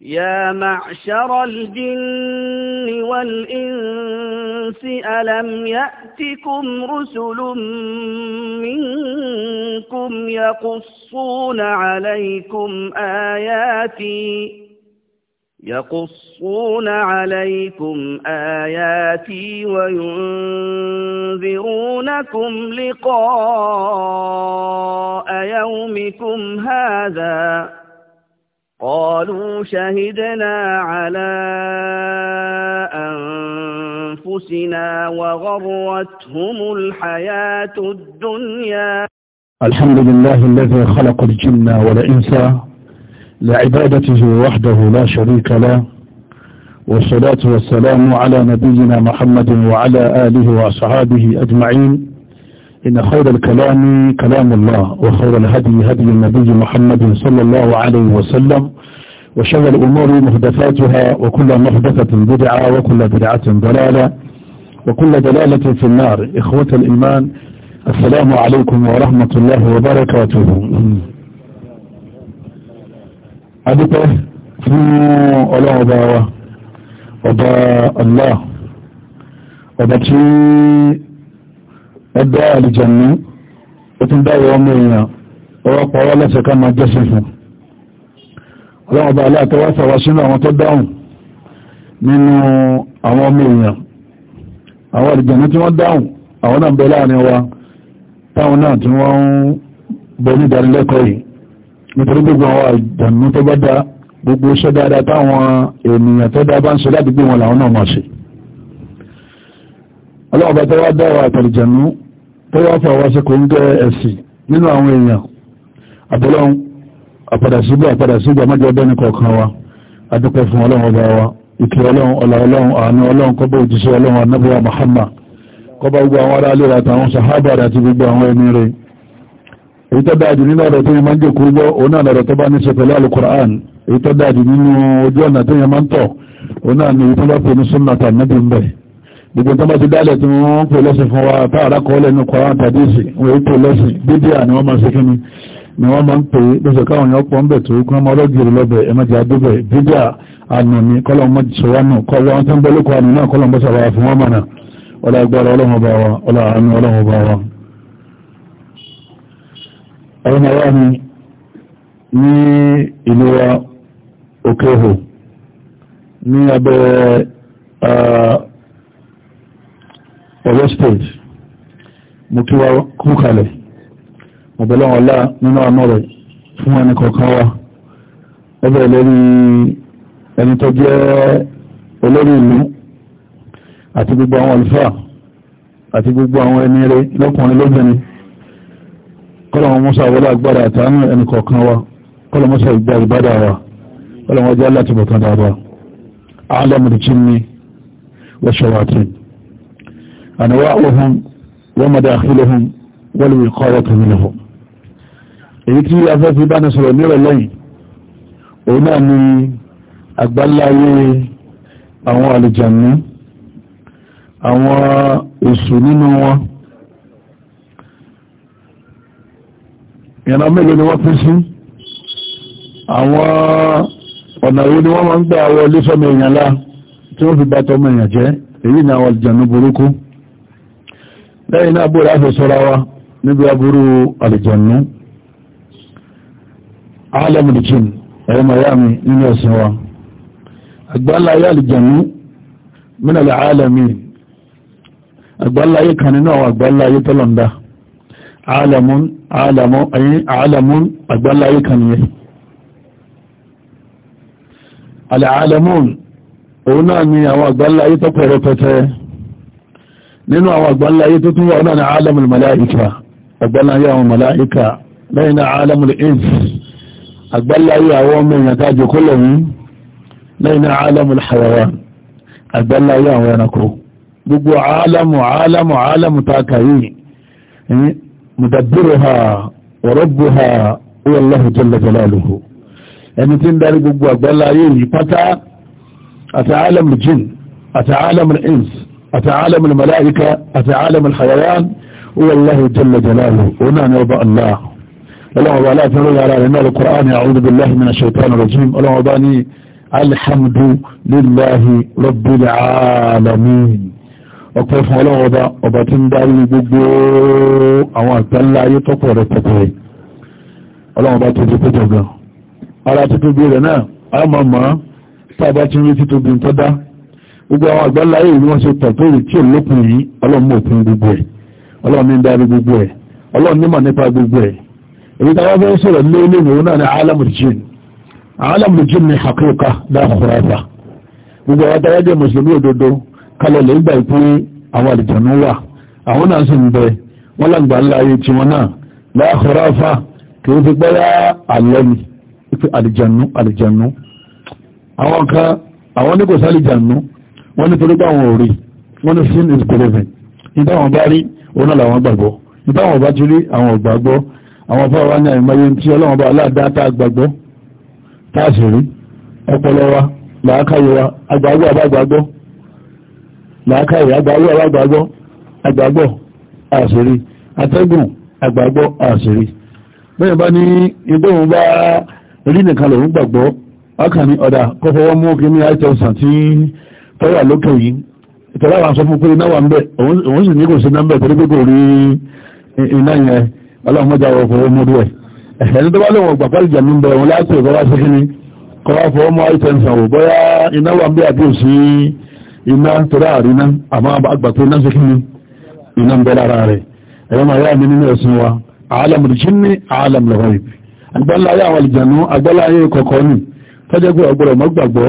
يا معشر الجن والإنس ألم يأتكم رسل منكم يقصون عليكم آياتي يقصون عليكم آياتي وينذرونكم لقاء يومكم هذا قالوا شهدنا على أنفسنا وغرتهم الحياة الدنيا الحمد لله الذي خلق الجن والإنس لعبادته وحده لا شريك له والصلاة والسلام على نبينا محمد وعلى آله وأصحابه أجمعين إن خير الكلام كلام الله وخير الهدي هدي النبي محمد صلى الله عليه وسلم وشر الأمور محدثاتها وكل محدثة بدعة وكل بدعة ضلالة وكل دلالة في النار إخوة الإيمان السلام عليكم ورحمة الله وبركاته أدبه في الله وضاء الله أبا ẹgbẹ́ àlìjẹ̀mí ó ti dáwọ̀ ọmọ èèyàn ọwọ́ pọ̀wọ́ lẹ́sẹ̀ ká máa jẹ́sẹ̀ fún ọlọ́wọ́ bá aláàtọwọ́ sàwọ́ sínú àwọn tó dáhùn nínú àwọn ọmọ èèyàn àwọn àlìjẹ̀mí tí wọ́n dáhùn àwọn náà bẹ láàrin wa táwọn náà tí wọ́n ń bọ ní ìdánilẹ́kọ̀ọ́ yìí nítorí gbogbo àwọn àjẹ̀mí tó bá dá gbogbo iṣẹ́ dáadáa táwọn ènìyàn tó dá bá ń ṣe láti wọn làwọn náà máa ṣe ọlọ́wọ́ bá tẹ́wọ́ dáwọ̀ àtàlìjẹ̀mí tó wá fà wá sí kò ń gẹ́ ẹ̀sìn nínú àwọn èèyàn àbúlọ́hún àpàdà síbú àpàdà síbú àmájọ ọdẹ́ni kọ̀ọ̀kan wa adúpẹ́ fún ọlọ́run ọba wa ìkẹ́ ọlọ́run ọ̀là ọlọ́run àánú ọlọ́run kọ́bọ̀ òjíṣẹ́ ọlọ́run anábíwá Muhammad kọ́bọ̀ gbogbo àwọn ará lè àtàwọn sàhábà àti gbogbo àwọn ẹni rẹ̀ èyí tó dájú nínú ọ̀rọ̀ tó yẹ máa ń jẹ́ kúrú òun náà lọ́rọ̀ tó bá ní alukur'an gbogbo tó bá ti dálẹ̀ tí wọ́n ń pè lọ́sìn fún wa táàrà kọ́ lẹ́nu kọ́rán tàdísì wọ́n ń pè lọ́sìn bídíà ni wọ́n máa ṣe kíni ni wọ́n máa ń pè lọ́sẹ̀ káwọn èèyàn pọ̀ ń bẹ̀ tó kún ọmọ ọlọ́gìrì lọ́bẹ̀ ẹ máa jẹ́ adúbẹ̀ bídíà àná ni kọ́lọ́n mọ́ sọ̀rọ̀ náà kọ́lọ́ wọn tó ń bẹ́lẹ́kọ̀ àná náà kọ́lọ́n bọ́ sọ̀rọ̀ fún wọn mọ̀nà ọlá agbára ọlọ́run ọba wa ọlá àánú ọlọ́run ọba wa. ọ̀run ọ̀rọ̀ mi ní ìlú wa òkèhò ní abẹ́ ah, Ọ̀yọ́ state mo kí wa kú kalẹ̀ ọ̀bẹ̀lẹ̀ ọ̀la nínú àmọ́ rẹ̀ fún ẹni kọ̀ọ̀kan wa ọbẹ̀ lórí ẹni tó jẹ́ olórí ìlú àti gbogbo àwọn àlùfáà àti gbogbo àwọn ẹni rẹ̀ lọ́kùnrin lóbìnrin kọ́lọ̀ wọn mọ́sá wọlé agbára àtàánú ẹni kọ̀ọ̀kan wa kọ́lọ̀ mọ́sá ìgbà ìbádà wa kọ́lọ̀ jẹ́ láti bọ̀kan dáadáa àálẹ́ ni wọ́n ṣọwọ́ àti ẹni أنواعهم ومداخلهم والوقاية منهم èyí tí afẹ́fẹ́ ìbánisọ̀rọ̀ nírọ̀ lẹ́yìn òun náà ni àgbáláyé الجنة àlìjàmí àwọn èṣù nínú wọn ìyànà mélòó ni wọ́n pín sí àwọn ọ̀nà yìí ni wọ́n máa ń gbà wọlé sọ́mọ èèyàn lá tí wọ́n fi bá tọ́mọ èèyàn jẹ́ èyí ni àwọn àlìjàmí burúkú lẹ́yìn náà bóra fẹ́ sọ́ra wa níbi aburú àlìjànú alamulikin ẹ̀rọ miami nínú ẹ̀sìn wa àgbáláyé àlìjànú mínàlẹ̀ alami àgbáláyé kan nínú àwọn àgbáláyé tọ́lọ̀ndá alamun alamun ayin alamun àgbáláyé kan yẹ alalamun òun náà ni àwọn àgbáláyé tọ́pẹ̀rẹ̀pẹ̀tẹ̀ nínú àwọn àgbàlá ayé tó tún wà náà ní alamul malaika àgbàlá ayé àwọn malaika lẹ́yìn náà alamul ins àgbàlá ayé àwọn ọmọ èèyàn tá a jòkó lẹ́yìn lẹ́yìn náà alamul hayawan àgbàlá ayé àwọn ẹranko gbogbo alamu alamu alamu ta kàyé mudabbiruha wa rabbuha huwa Allahu jalla jalaluhu ẹni tí ń darí gbogbo àgbàlá ayé yìí pátá àti alamul jin àti alamul ins àtàálẹ̀ mọ̀lẹ́mọ̀lẹ́ àyíká àtàálẹ̀ mọ̀lẹ́hàyàyàn wọ́n Allahu jalla jalaluhu òun náà ni ọba Allah ọlọ́wọ́ bá láti rọ́ yàrá rẹ̀ náà al-Qur'ani a'udhu billahi minash shaitanir rajim ọlọ́wọ́ bá ní alhamdu lillahi rabbil alamin ọ̀pọ̀ fún ọlọ́wọ́ bá ọba tí ń darí gbogbo àwọn àgbáńlá ayé tọ́pọ̀ rẹ̀ tọ́pọ̀ rẹ̀ ọlọ́wọ́ bá tóbi pẹ́jọ gan ara títóbi rẹ̀ náà a máa máa tá a bá ti ń rí títóbi ń tọ́ dá gbogbo àwọn àgbàlá yìí wọ́n ṣe tọ̀tọ̀rì tí ò lókun yìí ọlọ́run mọ̀ fún gbogbo ẹ̀ ọlọ́run ní ń darí gbogbo ẹ̀ ọlọ́run nímọ̀ nípa gbogbo ẹ̀ èyí tí wọ́n fẹ́ sọ̀rọ̀ lé ilé ìwòrán náà ní alamul jinn alamul jinn ní gbogbo àwọn tẹ́lẹ̀ jẹ́ mùsùlùmí òdodo kalẹ̀ lè gbà pé àwọn àlìjànú wà àwọn náà sì ń bẹ wọ́n lágbà ńlá ayé tiwọn náà la àwọn kan àwọn ní kò sálìjànú wọ́n ní torípa àwọn òrí wọ́n ní sin is believing nígbà wọn bá rí òun náà làwọn gbàgbọ́ nígbà wọn bá ti rí àwọn ògbàgbọ́ àwọn afọ́ wa ní àìmọye tí ọlọ́wọ́n bá aláàdá tá a gbàgbọ́ tá a sì rí ọpọlọ wa làákàyè wa àgbàgbọ́ àbágbàgbọ́ làákàyè àgbàgbọ́ àbágbàgbọ́ àgbàgbọ́ àṣírí atẹ́gùn àgbàgbọ́ àṣírí bẹ́ẹ̀ bá ní ìdóhùn bá rí nìkan lòun gbàgbọ́ akàní ọ̀dà kọ́fọ́wọ́ mú kí ní àìtọ́sàn tí tọ́wà lókè yìí ìtọ́lá wa sọ fún pé iná wà ń bẹ̀ òun sì ní kò sí nọ́mbẹ̀ torí pé kò rí iná yẹn ọlọ́run mọ́jà wọ fọwọ́ mọ́dú ẹ̀ ẹni tó bá lè wọ̀n gbà pálí jà ní bẹ̀ òun láti ẹ̀kọ́ wá sí kíní kọ́ wá fọwọ́ mọ́ àìsàn wò bóyá iná wà ń bẹ̀ àbí òsì iná torí àrí iná àmọ́ àgbà pé iná sí kíní iná ń bẹ lára rẹ̀ ẹ̀rọ máa yá mi ọgbọ̀rọ̀ mọ́gbàgbọ́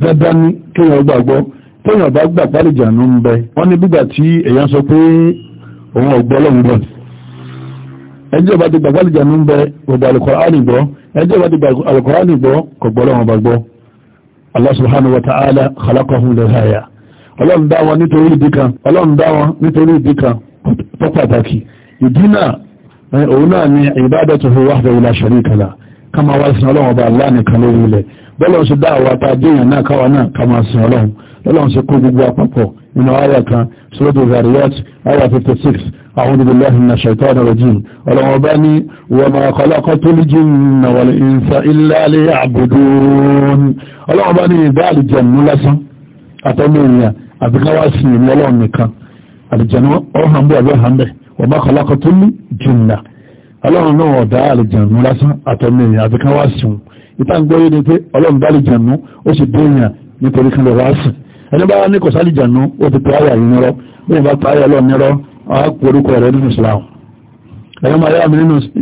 dandan ní kéèyàn gbàgbọ́ téèyàn bá gbà pálíjà ló ń bẹ wọ́n ní bígbà tí èèyàn sọ pé òun ọ̀gbọ́ lọ́hùn bọ̀ ẹjọ́ bá ti gbà pálíjà ló ń bẹ ọ̀gbà Al-Qur'ani gbọ́ ẹjọ́ bá ti gbà Al-Qur'ani gbọ́ kò gbọ́ lọ́hùn bá gbọ́ Allah subhanahu wa ta'ala khalaqahum lẹ́hàyà ọlọ́run dá wọn nítorí ìdí kan ọlọ́run dá wọn nítorí ìdí kan tó ká máa wá sin ọlọ́run ọba aláàánìkan lórí ilẹ̀ bọ́lọ́run ṣe dá àwọn àtàjẹyàn náà káwa náà ká máa sin ọlọ́run lọ́lọ́run ṣe kó gbogbo àpapọ̀ nínú àyà kan sọ́dọ̀ zariyat àyà 56 a'udhu billahi minash shaitani rajim ọlọ́run ọba ní wa ma khalaqtul jinna wal insa illa liya'budun ọlọ́run ọba ní ìdá àlìjẹ̀mú lásán àtọ́mọ èèyàn àbíká wá sí ìlú ọlọ́run nìkan àlìjẹ̀mú ọ̀hánbẹ̀ àbí ọ̀hánbẹ̀ ọlọ́run náà ọ̀dá àlejànú lásán àtọ́mí èèyàn àti kan wá sùn ìta ń gbọ́yé ni pé ọlọ́run bá àlejànú ó sì dé èèyàn nítorí kan lè wá sùn ẹni bá ní kò sálejànú ó ti pè áyà yìí nírọ́ bí wọ́n bá pè áyà lọ́ọ̀ nírọ́ á kú orúkọ rẹ̀ nínú Islam ẹ̀yọ́ máa yá mi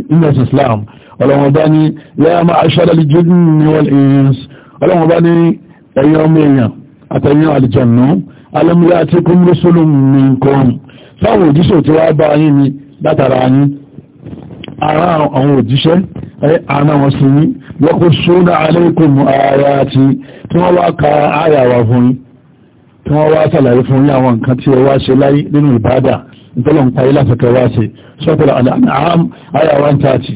nínú Islam ọlọ́run bá ní yá máa aṣọ́dá lè jẹ́ ní wọ́n èèyàn ọlọ́run bá ní ẹ̀yọ́ ọmọ èèyàn àtẹ̀yìn àlejànú alẹ́múyá tí kúmúrúsọ́lùmí nǹkan sáwọn ara àwọn òjíṣẹ́ ara wọn sí ní lọ́kù ṣúnà alaykum ara ti tí wọ́n wá ka àyàwà fún yí tí wọ́n wá sàlàyé fún yí àwọn nǹkan tí ẹ wá ṣe láyé nínú ìbádà ìtọ́lọ̀ ń parí lásìkò wá ṣe sọ́kùnrin àdáhàm àyàwà ń tààtì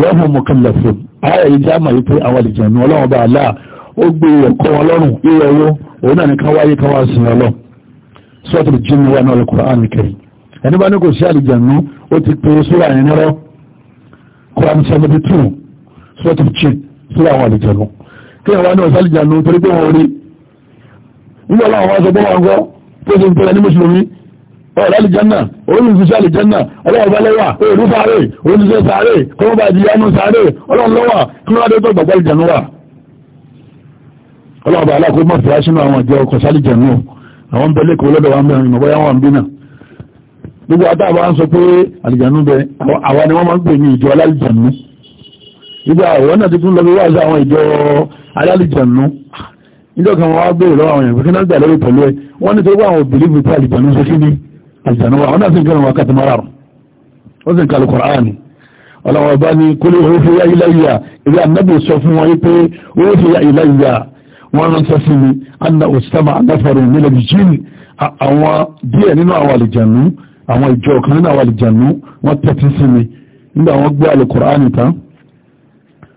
wọ́n mú mú kẹlẹ̀ fún àyà yìí já mà yí Quran seventy two sort of chin sílẹ̀ àwọn àlìjẹ̀nu kí àwọn àná sálìjẹ̀nu torí pé wọ́n rí nígbà láwọn wá sọ bọ́wọ́ àgọ́ tó ṣe ń tẹ̀lé ní mùsùlùmí ọ̀rọ̀ àlìjẹ́nà olùsùsẹ́ àlìjẹ́nà ọlọ́ọ̀bá lẹ́wà olú sáré olùsẹ́ sáré kọ́mọ́bà ìdíyánú sáré ọlọ́run lọ́wà kí wọ́n adé tó gbàgbọ́ àlìjẹ́nú wà ọlọ́ọ̀bá alákòó mọ̀ fìyà sínú àwọn ìjẹ́ ọkọ̀ sálìjẹ́nú àwọn bẹ́lẹ́kọ̀ọ́ lọ́dọ̀ wa gbogbo àtàwọn à ń sọ pé àlìjànú bẹ àwa ni wọ́n máa ń pè ní ìjọ alálìjànú ìgbà àwọn náà ti tún lọ bí wà sí àwọn ìjọ alálìjànú níjọ́ kan wọ́n wá béèrè lọ́wọ́ àwọn èèyàn kí náà gbà lórí pẹ̀lú ẹ wọ́n ní torí àwọn òbílí fi pé àlìjànú ṣe kí ni àlìjànú wa àwọn náà sì ń kẹrin wọn kàtí mara rùn ó sì ń kalu Kùránì ọlọ́wọ́ bá ní kó lè owó fi yá ànábì sọ fún wọn pé owó fi yá iláyà wọ́n sọ sí mi anna òsítàmà anáfàrún àwọn ìjọ kan nínú àwọn àlìjànú wọ́n tẹ́tí sí mi nígbà wọ́n gbọ́ alìkùránì tán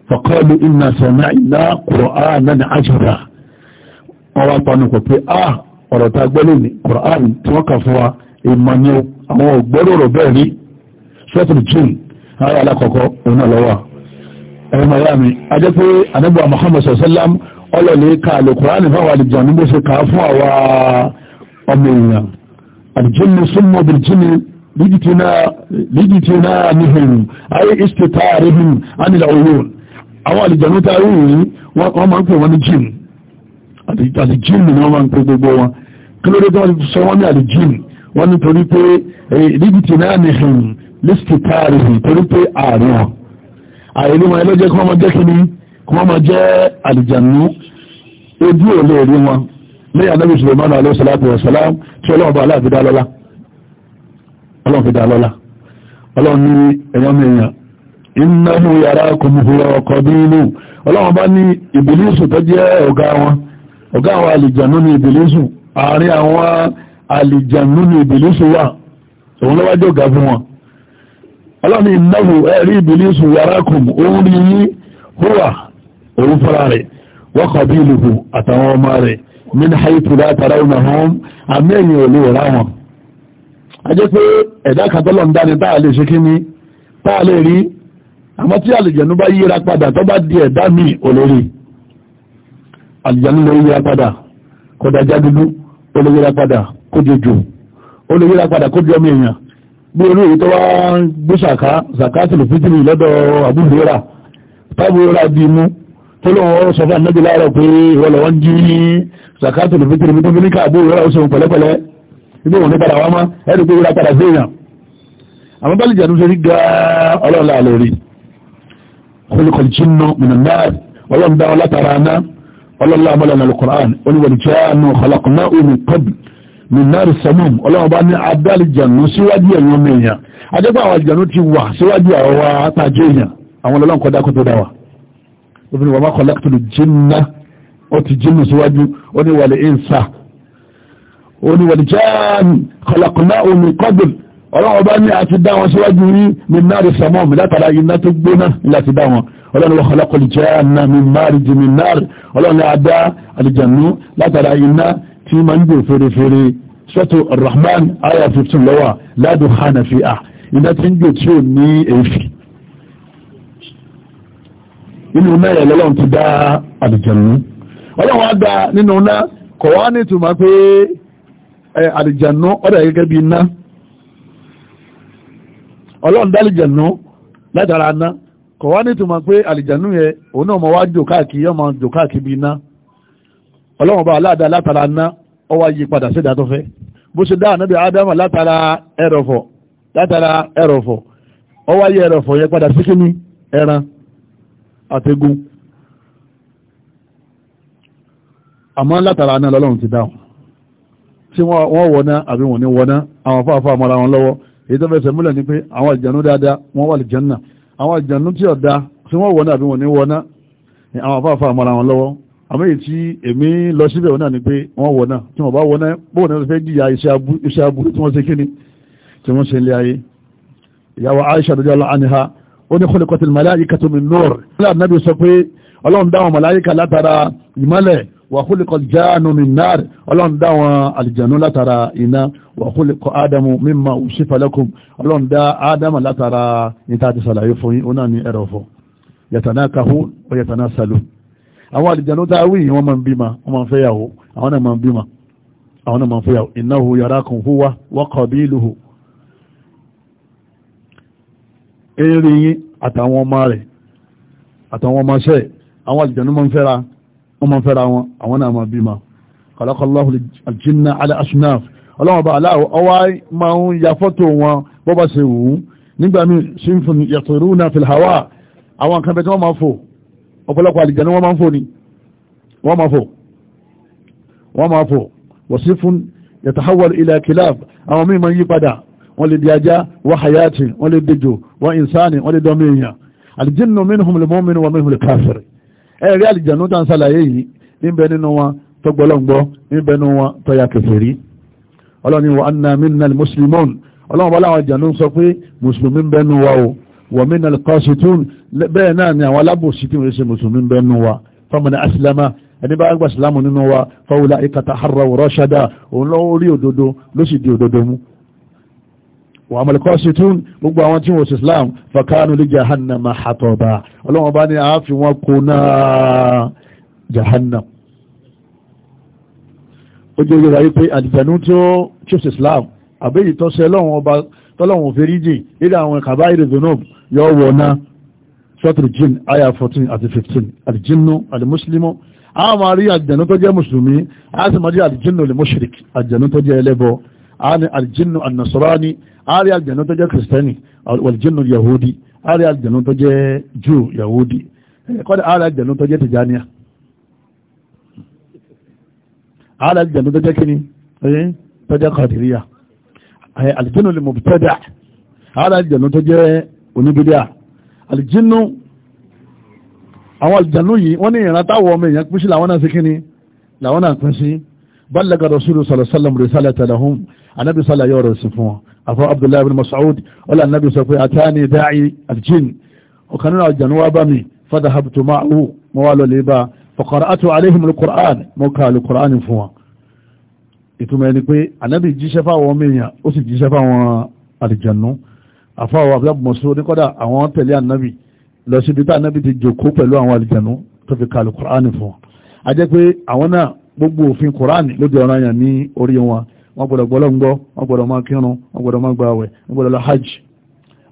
faqalu inna sami'na qur'anan ajaba wọ́n wá panu kò pé ah, a ọ̀rọ̀ ta gbẹ́lẹ̀ ní kùránì tí wọ́n kà fún wa ìmọ̀nyẹ́ àwọn ògbẹ́rọ̀rọ̀ bẹ́ẹ̀ rí suratul jinn ara alákọ̀ọ́kọ́ òun náà lọ́wọ́ ẹ̀rọ mọ̀lá mi ajẹ́ pé anábọ̀ Muhammad sallam ọlọ́lẹ̀ ka alìkùránì fáwọn àlìjànú bó ṣe kà á fún àwa ọmọ èèyàn الجن سموا بالجن لجتنامهم أي استطارهم عن العيون àwọn àlìjànú tá rí rí wọ́n máa ń pè wọ́n ní jìn àlìjìn ni wọ́n máa ń pè gbogbo wọn kí ló dé tó wọ́n sọ wọ́n ní àlìjìn wọ́n ní torí pé lígìtì náà ní hìn lísìtì táàrí hìn torí pé ààrẹ wọn àìrí wọn ẹlọ́jẹ́ kí wọ́n máa jẹ́ kí ni kí wọ́n máa jẹ́ àlìjànú ojú ò lè rí wọn ní ànábì Suleiman alayhi salatu wa salam tí ọlọ́run bá aláàfi dá lọ́lá ọlọ́run fi dá lọ́lá ọlọ́run ní ẹ̀wọ́n mẹ́yàn innahu yarakum huwa wa qabiluhu ọlọ́run bá ní ìbìlísù tó jẹ́ ọ̀gá wọn ọ̀gá àwọn àlìjànú ní ìbìlísù àárín àwọn àlìjànú ní ìbìlísù wà òun ló wọ́kàbí ìlúkù àtàwọn ọmọ rẹ̀ nínú haitu látara ọmọ hàn amẹ́yìn olú ọ̀rá wọn a jẹ́ pé ẹ̀dá kàtọ́lọ̀ ń dáni táà lè ṣe kí ní táà lè rí àmọ́ tí àlìjẹ̀nú bá yíra padà tó bá di ẹ̀dá mi olórí àlìjẹ̀nú lè yíra padà kó dájá dúdú ó lè yíra padà bí olú èyí tó wá gbé ṣàká ṣàká tìlù lọ́dọ̀ àbúrò rà tábùrò rà bí mú tọ́lọ́wọ́ sọ fún ànábì láàárọ̀ pé ìwọlọ̀ wọ́n jí ní zakato lè fitiri bí tó fi ní káàbù ìrọ̀lá oṣù pẹ̀lẹ́pẹ̀lẹ́ ibi wọn ní padà wá má ẹ̀rù pé ìrọ̀lá padà séèyàn àwọn bá lè jẹ́ àdúgbò rí ga ọlọ́ọ̀lá lórí olùkọ̀lùchínú mìnàdáà ọlọ́ọ̀dá ọlátara aná ọlọ́ọ̀lá amọ́lọ́nà alukur'an olùwọ̀lùchánú ọlọ́kùnrin omi kọ́bì mìnàrí samum ọlọ́ọ̀bá ní adálijànú síwájú ẹ̀yàn mẹ́yàn adẹ́gbà àwọn tó dáwàá obìnrin wọn bá kọ lẹ́kítọ̀lù jìnnà ó ti jìnnà síwájú ó ní wàlẹ̀ ìnsà ó ní wàlẹ̀ jáàmì kọlọ̀kọ̀lá omi kọ́dùn ọlọ́wọ́ bá ní àti dá wọn síwájú yí ní náàrí sàmọ́ọ̀mù látara iná tó gbóná láti dá wọn ọlọ́run wọ́n kọlọ́kọ̀lù jáàmì mi máàrí jì mi náàrí ọlọ́run àdá àlìjànú látara iná tí ma ń gbò fèrèfèrè sọ́tò rahman ayah 15 lọ́wà ládùn hànàfíà iná tí ń gbò tí ò ní èéfì nínú mẹ́rẹ̀ lọ́lọ́run ti dá àlìjànú ọlọ́run á dá nínú ná kọ̀ wá ní ìtumọ̀ pé àlìjànú ọ̀dọ̀ gẹ́gẹ́ bí iná ọlọ́run dá àlìjànú látara ná kọ̀ wá ní ìtumọ̀ pé àlìjànú yẹn òun náà mọ̀ wá jò káàkiri ọmọ jò káàkiri bí iná ọlọ́run bá aláàdá látara ná ó wá yí padà sí ìdátọ́ bó ṣe dá ànábì ádámà látara ẹrọ̀fọ̀ látara ẹrọ̀fọ̀ ó wá yí ẹrọ̀fọ̀ yẹn padà sí kíní ẹran àtẹ́gùn àmọ́ látara náà lọ́lọ́run ti dáhùn tí wọ́n wọ́ná àbí wọ́n ní wọ́ná àwọn afáfá mara wọn lọ́wọ́ èyí tó fẹsẹ̀ múlẹ̀ ní pé àwọn àjànú dáadáa wọ́n wà lìjánà àwọn àjànú tí ọ̀dá tí wọ́n wọ́ná àbí wọ́n ní wọ́ná àwọn afáfá mara wọn lọ́wọ́ àmọ́ èyí tí ni wọ́ná ó ní khuliqatil malaikatu min nur nílẹ̀ ànábì sọ pé ọlọ́run dá àwọn màláyíkà látara ìmọ́lẹ̀ wa khuliqal jannu min nar ọlọ́run dá àwọn àlìjànú látara iná wa khuliqa ádámù mimma ushifa lakum ọlọ́run dá ádámù látara níta ti sàlàyé fún yín ó náà ní ẹ̀rọ fún yatanakahu wa yatanasalu àwọn àlìjànú tá a wí wọ́n máa ń bímọ wọ́n máa ń fẹ́yàwó àwọn náà máa ń bímọ huwa wa eré yín àtàwọn ọmọ rẹ̀ àtàwọn ọmọṣẹ́ àwọn àlìjànú mọ́ ń fẹ́ra wọ́n mọ́ ń fẹ́ra wọn àwọn náà máa bímọ kọ̀lọ́kọ̀lọ́ àjínà aláṣùnáf ọlọ́wọ́n bá aláwọ̀ ọwá máa ń ya fọ́tò wọn bọ́ bá ṣe wù ú nígbà míì sínfún yàtọ̀rú náà fi hàwà àwọn nǹkan bẹ tí wọ́n máa fò ọ̀pọ̀lọpọ̀ àlìjànú wọ́n máa fò ni wọ́n máa fò wọ́n máa fò wọ́n sí yàtọ̀háwọ̀ ilẹ̀ kìláàb àwọn míì máa yí padà wọ́n lè di ajá wọ́n hayati wọ́n lè dejò wọ́n insani wọ́n lè dọ́mọ èèyàn àlìjínú minhum lè mọ́mínú wọn minhum lè káfẹ́rẹ́ ẹ rí àlìjánú tá ń sàlàyé yìí níbẹ̀ nínú wọn tó gbọ́lọ́ngbọ́ níbẹ̀ nínú wọn tó ya kèfèrí ọlọ́ni wa anna minna muslimun ọlọ́run bọ́lá àwọn àjànú sọ pé mùsùlùmí ń bẹ́nu wa o wa minna al-qasitun bẹ́ẹ̀ náà ni àwọn alábòsí tí wọ́n ṣe mùsùlùmí ń bẹ́nu wa faman aslama ẹni bá gbà sílámù nínú wa fa ulaika taharraw rashada òun lọ́wọ́ rí òdodo ló sì di òdodo mú wà mọ̀lẹ́kọ́ sí tún gbogbo àwọn tí wọ́n sí islam fakanu li jahannama hataba ọlọ́wọ́n bá ní àáfi wọn kó náà jahannam ó jẹ́ ìrọ̀ wípé àdìjànú tí ó chips islam àbẹ́yì tó ṣe lọ́wọ́n ọba tọ́lọ́wọ́n fèrí nílẹ̀ àwọn kàbá ìrìnzónà yọ wọ̀ náà sọ́tù jin aya 14 àti 15 àdìjínú àdìmúsílímù a máa rí àdìjànú tó jẹ́ mùsùlùmí a máa rí àdìjínú lè mọ́ṣíríkì àárín àlìjínú ànàsọ́rání àárín àlìjẹ̀nú tó jẹ́ kìrìsìtẹ́nì àlìjínú yahudi àárín àlìjẹ̀nú tó jẹ́ jù yahudi kọ́dà àárín àlìjẹ̀nú tó jẹ́ tìjáníà àárín àlìjẹ̀nú tó jẹ́ kíní tó jẹ́ kàdìríyà àlìjínú lè mọ̀bítẹ́dà àárín àlìjẹ̀nú tó jẹ́ oníbídíà àlìjínú àwọn àlìjẹ̀nú yìí wọ́n ní ìrántá wọ ọmọ èèyàn pín sí làwọn náà sí kíní làwọn náà pín sí balaga rasulu sallallahu alaihi wasallam risalata lahum anabi sallallahu alaihi wasallam afọ abdullahi bin mas'ud wala anabi sọ pé atani da'i aljin ọ̀kan nínú àjànú wa bá mi fadahabtu ma'ahu mo wá lọ lè bá faqara'atu alaihim alquran mo ka alquran fún wa ìtumọ̀ ẹni pé anabi jíṣẹ́ fáwọn mìíràn ó sì jíṣẹ́ fáwọn àlìjànú àfáwọn abdullahi mas'ud kọ́dà àwọn tẹ̀lé anabi lọ síbi tá anabi ti jòkó pẹ̀lú àwọn àlìjànú tó fi ka alquran fún wa a jẹ́ pé àwọn náà gbogbo òfin Quran ló di ọ̀ràn yàn ní orí wọn wọ́n gbọ́dọ̀ gbọ́ lọ́ngbọ́ wọ́n gbọ́dọ̀ máa kírun wọ́n gbọ́dọ̀ máa gbààwẹ̀ wọ́n gbọ́dọ̀ lọ hajj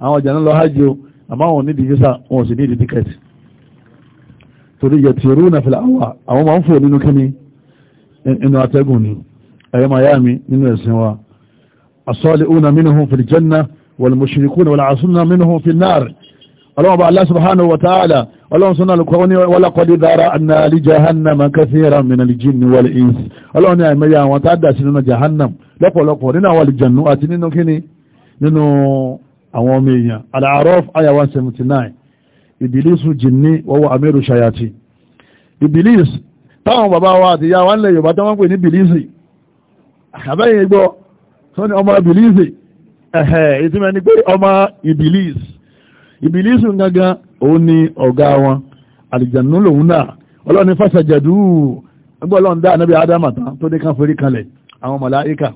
àwọn ọjà náà lọ hajj o àmọ́ àwọn onídìí visa wọn ò sì nídìí tíkẹ́ẹ̀tì torí yẹtìrú náà fìlà àwà àwọn máa ń fò nínú kíní inú atẹ́gùn ni ẹ̀yẹ́ máa yá mi nínú ẹ̀sìn wa asọ́lẹ̀ una minhum fil janna wal mushrikuna wal asuna minhum ọlọ́wọ́ba Allah subhanahu wa ta'ala ọlọ́run sọ́nà alùkọ́ ní wọ́lákọ́dé dára anna li jahannama kathiran min al-jinni wal-ins ọlọ́run ní àìmẹ́yà àwọn tàdà sí nínú jahannam lọ́pọ̀lọpọ̀ nínú àwọn alìjànú àti nínú kíni nínú àwọn ọmọ èèyàn al-A'raf aya 179 ìbìlísù jìnní wọ́wọ́ amẹ́rù ṣayati ìbìlís táwọn bàbá wa àti ya wa ń lẹ yorùbá tó ìbílísù gangan òun ni ọ̀gá wọn àlìjànú lòun náà ọlọ́ni fàṣàjẹ̀dú ẹgbẹ́ ọlọ́run dá anábì ádámà tán tó dé kan forí kanlẹ̀ àwọn màláíkà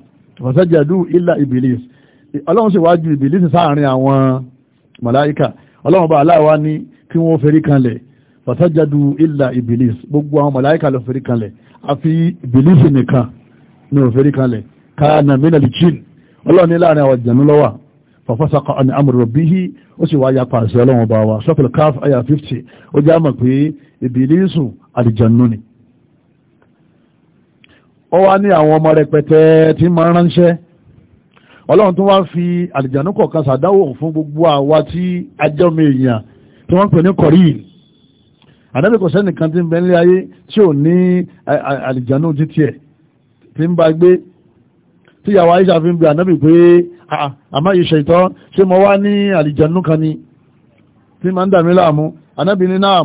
fàṣàjẹ̀dú ilà ìbílísù ọlọ́run sì wájú ìbílísù sáàrin àwọn màláíkà ọlọ́run bá aláwa ní kí wọ́n forí kanlẹ̀ fàṣàjẹ̀dú ilà ìbílísù gbogbo àwọn màláíkà ló forí kanlẹ̀ àfi ìbílísù nìkan ní òforí kanlẹ̀ káà nàmínà lè chin ọlọ́run ní láàrin àwọn ìjànú lọ́wà fàfọ́sàkọ̀ ọ̀nà àmúrò bí i ó sì wá ya pàṣẹ ọlọ́run bá wa sọ́kìlì káf àyà 50 ó já mọ̀ pé ìbílísù àlìjànnú ni ó wá ní àwọn ọmọ rẹpẹtẹ tí máa ránṣẹ́ ọlọ́run tó wá fi àlìjànnú kọ̀ọ̀kan sàdáwò fún gbogbo àwa tí ajọ́mọ èèyàn tí wọ́n pè ní kọ̀rí àdábì kò sẹ́nìkan tí ń bẹ ayé tí ò ní àlìjànnú títí ẹ̀ tí ń bá gbé tí ìyàwó Aisha fi ń bi ànábì pé àmá ìṣẹ̀ ìtọ́ ṣé mo wá ní àlìjànú kan ni tí máa ń dà mí láàmú ànábì ní náà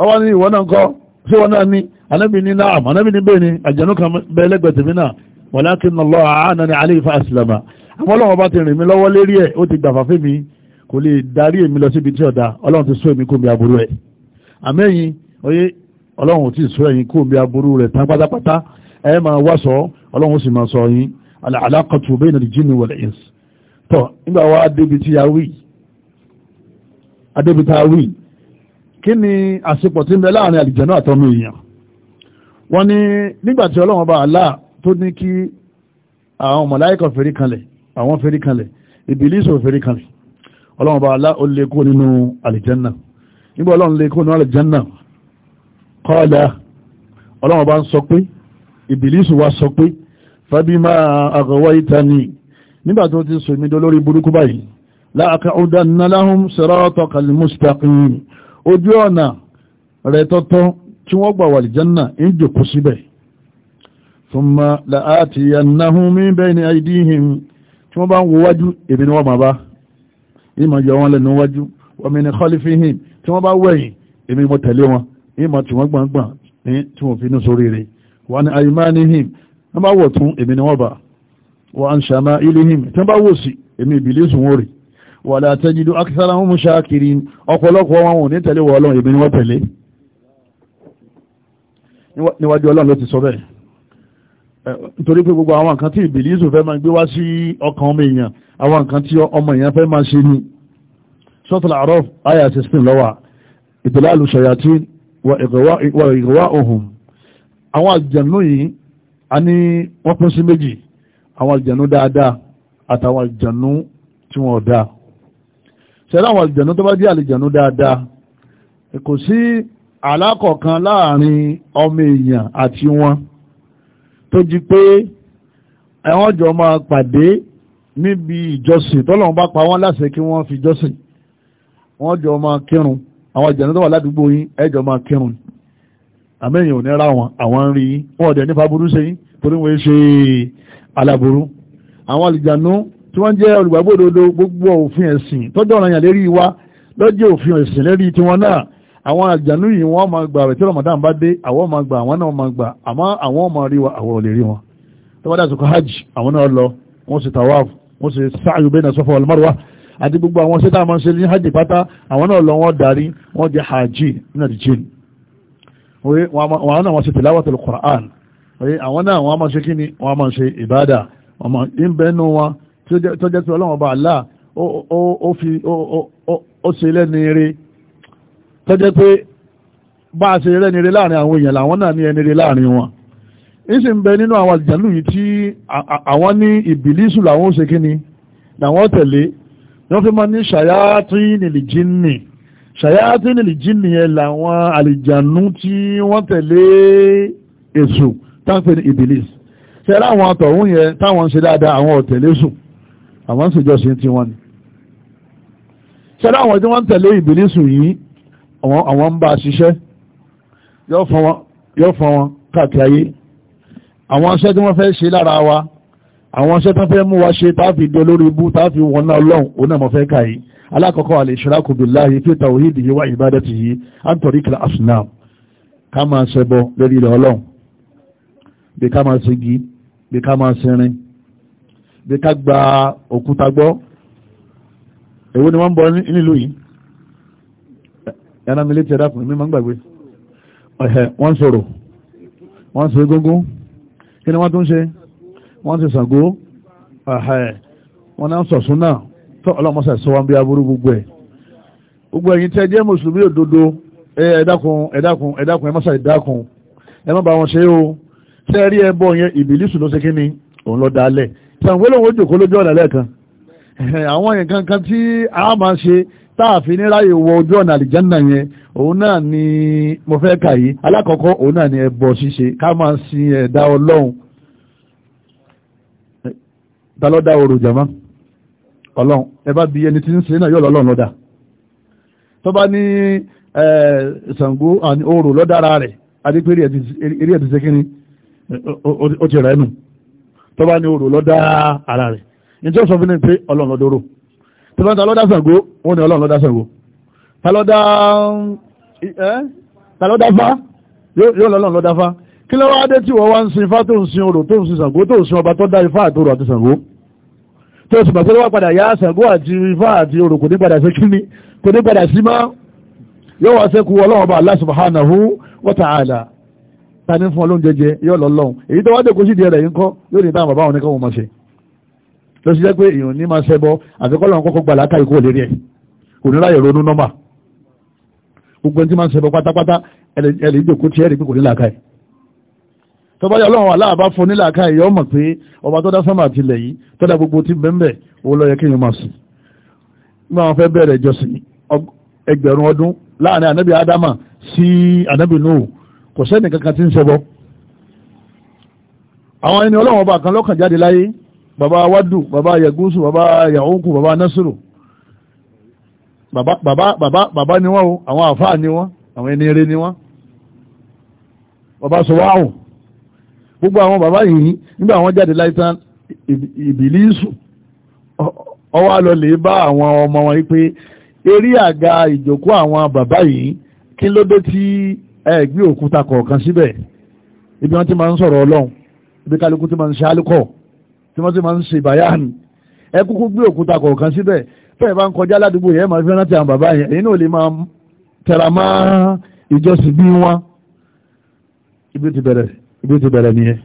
ọ wá ní ìwọ náà kọ́ ṣé wọn náà ní ànábì ní náà ànábì ní bẹ́ẹ̀ ni àjànú kan bẹ́ẹ̀ lẹ́gbẹ̀ẹ́ tèmi náà walakin Allah àánà ní alẹ́ ìfà àsìlámà àmọ́ ọlọ́run bá ti rìn mí lọ́wọ́ lérí ẹ̀ ó ti gbàfà fún mi kò lè darí èmi lọ síbi tí ọ̀dà ọlọ́run ti sún èmi kò mi aburú ẹ̀ àmẹ́yìn oyé ọlọ́run ò tí ì sún ẹ̀yìn kò mi aburú rẹ̀ tán pátápátá ẹ máa wá sọ ọlọ́run ó sì máa sọ yín al-alaqatu bayna al-jinni wal-ins tọ́ nígbà wá adébítí awí adébítí awí kí ni àṣepọ̀ tí ń bẹ láàrin àlìjẹ̀nú àtọmọ èèyàn wọ́n ní nígbàtí ọlọ́run bá Allah tó ní kí àwọn màláíkà fèrí kanlẹ̀ àwọn fèrí kanlẹ̀ ìbílísò fèrí kanlẹ̀ ọlọ́run bá Allah ó lè kó nínú àlìjẹ́nà nígbà ọlọ́run lè kó nínú àlìjẹ́nà kọ́ọ̀lá sọ pé ìbílísò wá sọ pé fabima aghwaytani nígbà tó ti sọ mí dó lórí burúkú báyìí la'aqudanna lahum siratakal mustaqim ojú ọ̀nà rẹ̀ tọ́tọ́ tí wọ́n gbà wà lìjánà ń jòkó síbẹ̀ thumma la'atiyannahum min bayni aydihim tí wọ́n bá ń wo wájú èmi ni wọ́n máa bá ìmọ̀ yọ wọn wọ́n bá wọ̀ tún èmi ni wọ́n bá wọ́n à ń ṣàmà ilihim tí wọ́n bá wò sí èmi ìbílẹ̀ sùn wọ́n rì wọ́n là tajidu aktharahum shakirin ọ̀pọ̀lọpọ̀ wọn ò ní tẹ̀lé wọ ọlọ́run èmi ni wọ́n tẹ̀lé níwájú ọlọ́run ló ti sọ bẹ́ẹ̀ nítorí pé gbogbo àwọn nǹkan tí ìbílẹ̀ sùn àwọn àjẹ̀nú yìí a ní wọ́n pín sí méjì àwọn àlìjànú dáadáa àtàwọn àlìjànú tí wọ́n dáa ṣẹlẹ̀ àwọn àlìjànú tó bá jẹ́ àlìjànú dáadáa kò sí alákọ̀ọ̀kan láàrin ọmọ èèyàn àti wọn tó jí pé ẹ̀wọ́n jọ máa pàdé níbi ìjọsìn tọ́lọ́run bá pa wọ́n láṣẹ kí wọ́n fi jọ́sìn wọ́n jọ máa kírun àwọn àlìjànú tó wà ládùúgbò yín ẹ máa kírun àmẹ́yìn ò ní ra wọn àwọn ń rí wọ́n ọ̀dẹ̀ nípa burú sí torí wọ́n ṣe aláburú àwọn àlìjànú tí wọ́n jẹ́ olùgbàgbọ́ òdodo gbogbo òfin ẹ̀sìn tọ́jọ́ ọ̀ràn yàn lérí wa lọ́jọ́ òfin ẹ̀sìn lérí tiwọn náà àwọn àlìjànú yìí wọ́n máa gbà rẹ̀ tí bá dé àwọn máa gbà àwọn náà máa gbà àmọ́ àwọn máa rí wa àwọn ò lè rí wọn tó bá dà sùkọ́ hajj àwọn náà lọ wọ́n sì tàwáàfù wọ́n sì sáàyù bẹ́ẹ̀ náà sọ́fọ́ ọlọ́mọ́rọ́wá àti gbogbo àwọn sẹ́tà máa ń ṣe ní hajj pátá àwọn náà lọ wọ́n darí wọ́n jẹ́ hajj náà ti jìn oye wọn náà wọ́n ṣe tìláwàtò Qur'an oye àwọn náà wọ́n máa ṣe kí ni wọ́n máa ṣe ìbádà wọ́n máa ń bẹ́ nú wọn tó jẹ́ tí ọlọ́wọ́n bá Allah ó fi ó ṣe lẹ́ni rí tó jẹ́ pé bá a ṣe lẹ́ni rí láàrin àwọn èèyàn làwọn náà ní ẹni rí láàrin wọn ìsì ń bẹ nínú àwọn àjálù yìí tí àwọn ní ìbìlísù làwọn ó ṣe kí ni làwọn tẹ̀lé wọ́n fi máa ní ṣàyátì nìlì jínì ṣàyáàtì nílì jíìnì yẹn làwọn àlìjànú tí wọ́n tẹ̀lé èṣù táǹpẹ̀ ní ibilis ṣẹlá àwọn àtọ̀hún yẹn táwọn ń ṣe dáadáa àwọn ọ̀tẹ̀lé sùn àwọn ń ṣèjọsìn tí wọ́n ni ṣẹlá àwọn tí wọ́n tẹ̀lé ibilis yìí àwọn ń bá ṣiṣẹ́ yóò fún wọn káàkiri ayé àwọn iṣẹ́ tí wọ́n fẹ́ ṣe lára wa àwọn ṣẹ́ tán fẹ́ mú wa ṣe táàfi dé lórí ibú táàfi wọná ọlọ́run òun náà mọ̀ fẹ́ káyí alákọ̀ọ́kọ́ àlè ìṣirákù billahi fi tawhidihi wa ibadatihi an tariqil asnam ká máa ṣẹbọ lórí ilẹ̀ ọlọ́run bí ká máa ṣegi bí ká máa ṣẹrin bí ká gba òkúta gbọ́ èwo ni wọ́n ń bọ nílùú yìí ẹran mi létí ẹ̀dá fún mi máa ń gbàgbé ọ̀hẹ̀ wọ́n sọ̀rọ̀ wọ́n sọ egúngún kí ni wọ́n tún ṣe wọ́n ti Ṣàngó wọ́n náà sọ̀sún náà tó ọlọ́mọsà sọ wọn bí aburú gbogbo ẹ̀ gbogbo ẹ̀yin tẹ́ jẹ́ mùsùlùmí òdodo ẹ dákun ẹ dákun ẹ dákun ẹ mọ́sà ìdákun ẹ má bá wọn ṣe o tẹ́ rí ẹbọ yẹn ìbílísù ló ṣe kí ni òun lọ dalẹ̀ a máa ṣe táàfin ní ráyè wọ ojú ọ̀nà àlìjánà yẹn òun náà ni mo fẹ́ kà yìí alákọ̀ọ́kọ́ òun náà ni ẹbọ ṣíṣe ká máa sin ẹ̀dá ọlọ́run ta ló dá oòrùn jàmá ọlọ́run ẹ bá bi ẹni tí ń ṣe náà yóò lọ́lọ́run lọ́dà tó bá ní Ṣàngó oòrùn lọ́dára rẹ̀ adépé eré ẹ̀ ti ṣe kíni ó ti rẹ̀ nù tó bá ní oòrùn lọ́dá ara rẹ̀ ní tí ó sọ fún mi pé ọlọ́run lọ́dọ́rọ̀ tó bá ń ta lọ́dá Ṣàngó wọ́n ní ọlọ́run lọ́dá Ṣàngó ta lọ́dá fá yóò lọ́lọ́run lọ́dá fá kí lọ́wọ́ adé tí wọ́n wá ń sin ifá tó ń sin orò tó ń sin Ṣàngó tó ń sin ọba tó dá ifá àtòrò àti Ṣàngó tó sì pàpẹ́ wọ́n padà yá Ṣàngó àti Ifá àti orò kò ní padà sí kíní kò ní padà sí máa yóò wá sẹ́kù ọlọ́run bá Allah subhanahu wa ta'ala ta ní fún ọlọ́run jẹjẹ yóò lọ́lọ́run èyí tó wá dé kó sí díẹ̀ rẹ̀ yín kọ́ yóò ní táwọn bàbá wọn ní káwọn máa ṣe tó sì jẹ́ pé èèyàn ní máa ṣẹbọ àfikọ́lọ́run kọ́kọ́ gbà látà ikú òlérí ẹ̀ kò ní láyè ronú nọ́mbà gbogbo ẹni tí máa ń pátápátá ẹ̀lẹ́dẹ̀kú tó bá yọ ọlọ́run aláàbá fún nílàáká ẹ̀yọ́ ọmọ pé ọba tó dá sánmà àti ilẹ̀ yìí tó dá gbogbo tí bẹ́ẹ̀ ó lọ yẹ kí èèyàn máa sìn nígbà wọn fẹ́ bẹ̀rẹ̀ ìjọsìn ẹgbẹ̀rún ọdún láàrin ànábì ádámà sí ànábì nóò kò sẹ́ni kankan tí ń ṣẹbọ àwọn ẹni ọlọ́run ọba kan lọ́kàn jáde láyé bàbá wádùn bàbá yẹgúsù bàbá yahókù bàbá násùrù bàbá ni wọ́n o àwọn àfáà ni wọ́n àwọn ẹni ni wọ́n bàbá sọ gbogbo àwọn bàbá yìí nígbà wọn jáde láìsàn ìbílísù ọwọ́ lọ lè bá àwọn ọmọ wọn pé eré àga ìjókòó àwọn bàbá yìí kí ló dé tí ẹ gbé òkúta kọ̀ọ̀kan síbẹ̀ ibi wọn ti máa ń sọ̀rọ̀ ọlọ́run ibi kálukú ti máa ń ṣe alukọ̀ tí wọ́n ti máa ń ṣe ìbáyáhàn ẹ kúkú gbé òkúta kọ̀ọ̀kan síbẹ̀ bẹ́ẹ̀ bá ń kọjá ládùúgbò yẹn máa fi rántí àwọn bàbá yẹn èyí náà lè máa tẹ̀ra mọ́ ìjọsìn bí wọn ibi ti bẹ̀rẹ̀ ibi tí bẹ̀rẹ̀ nìyẹn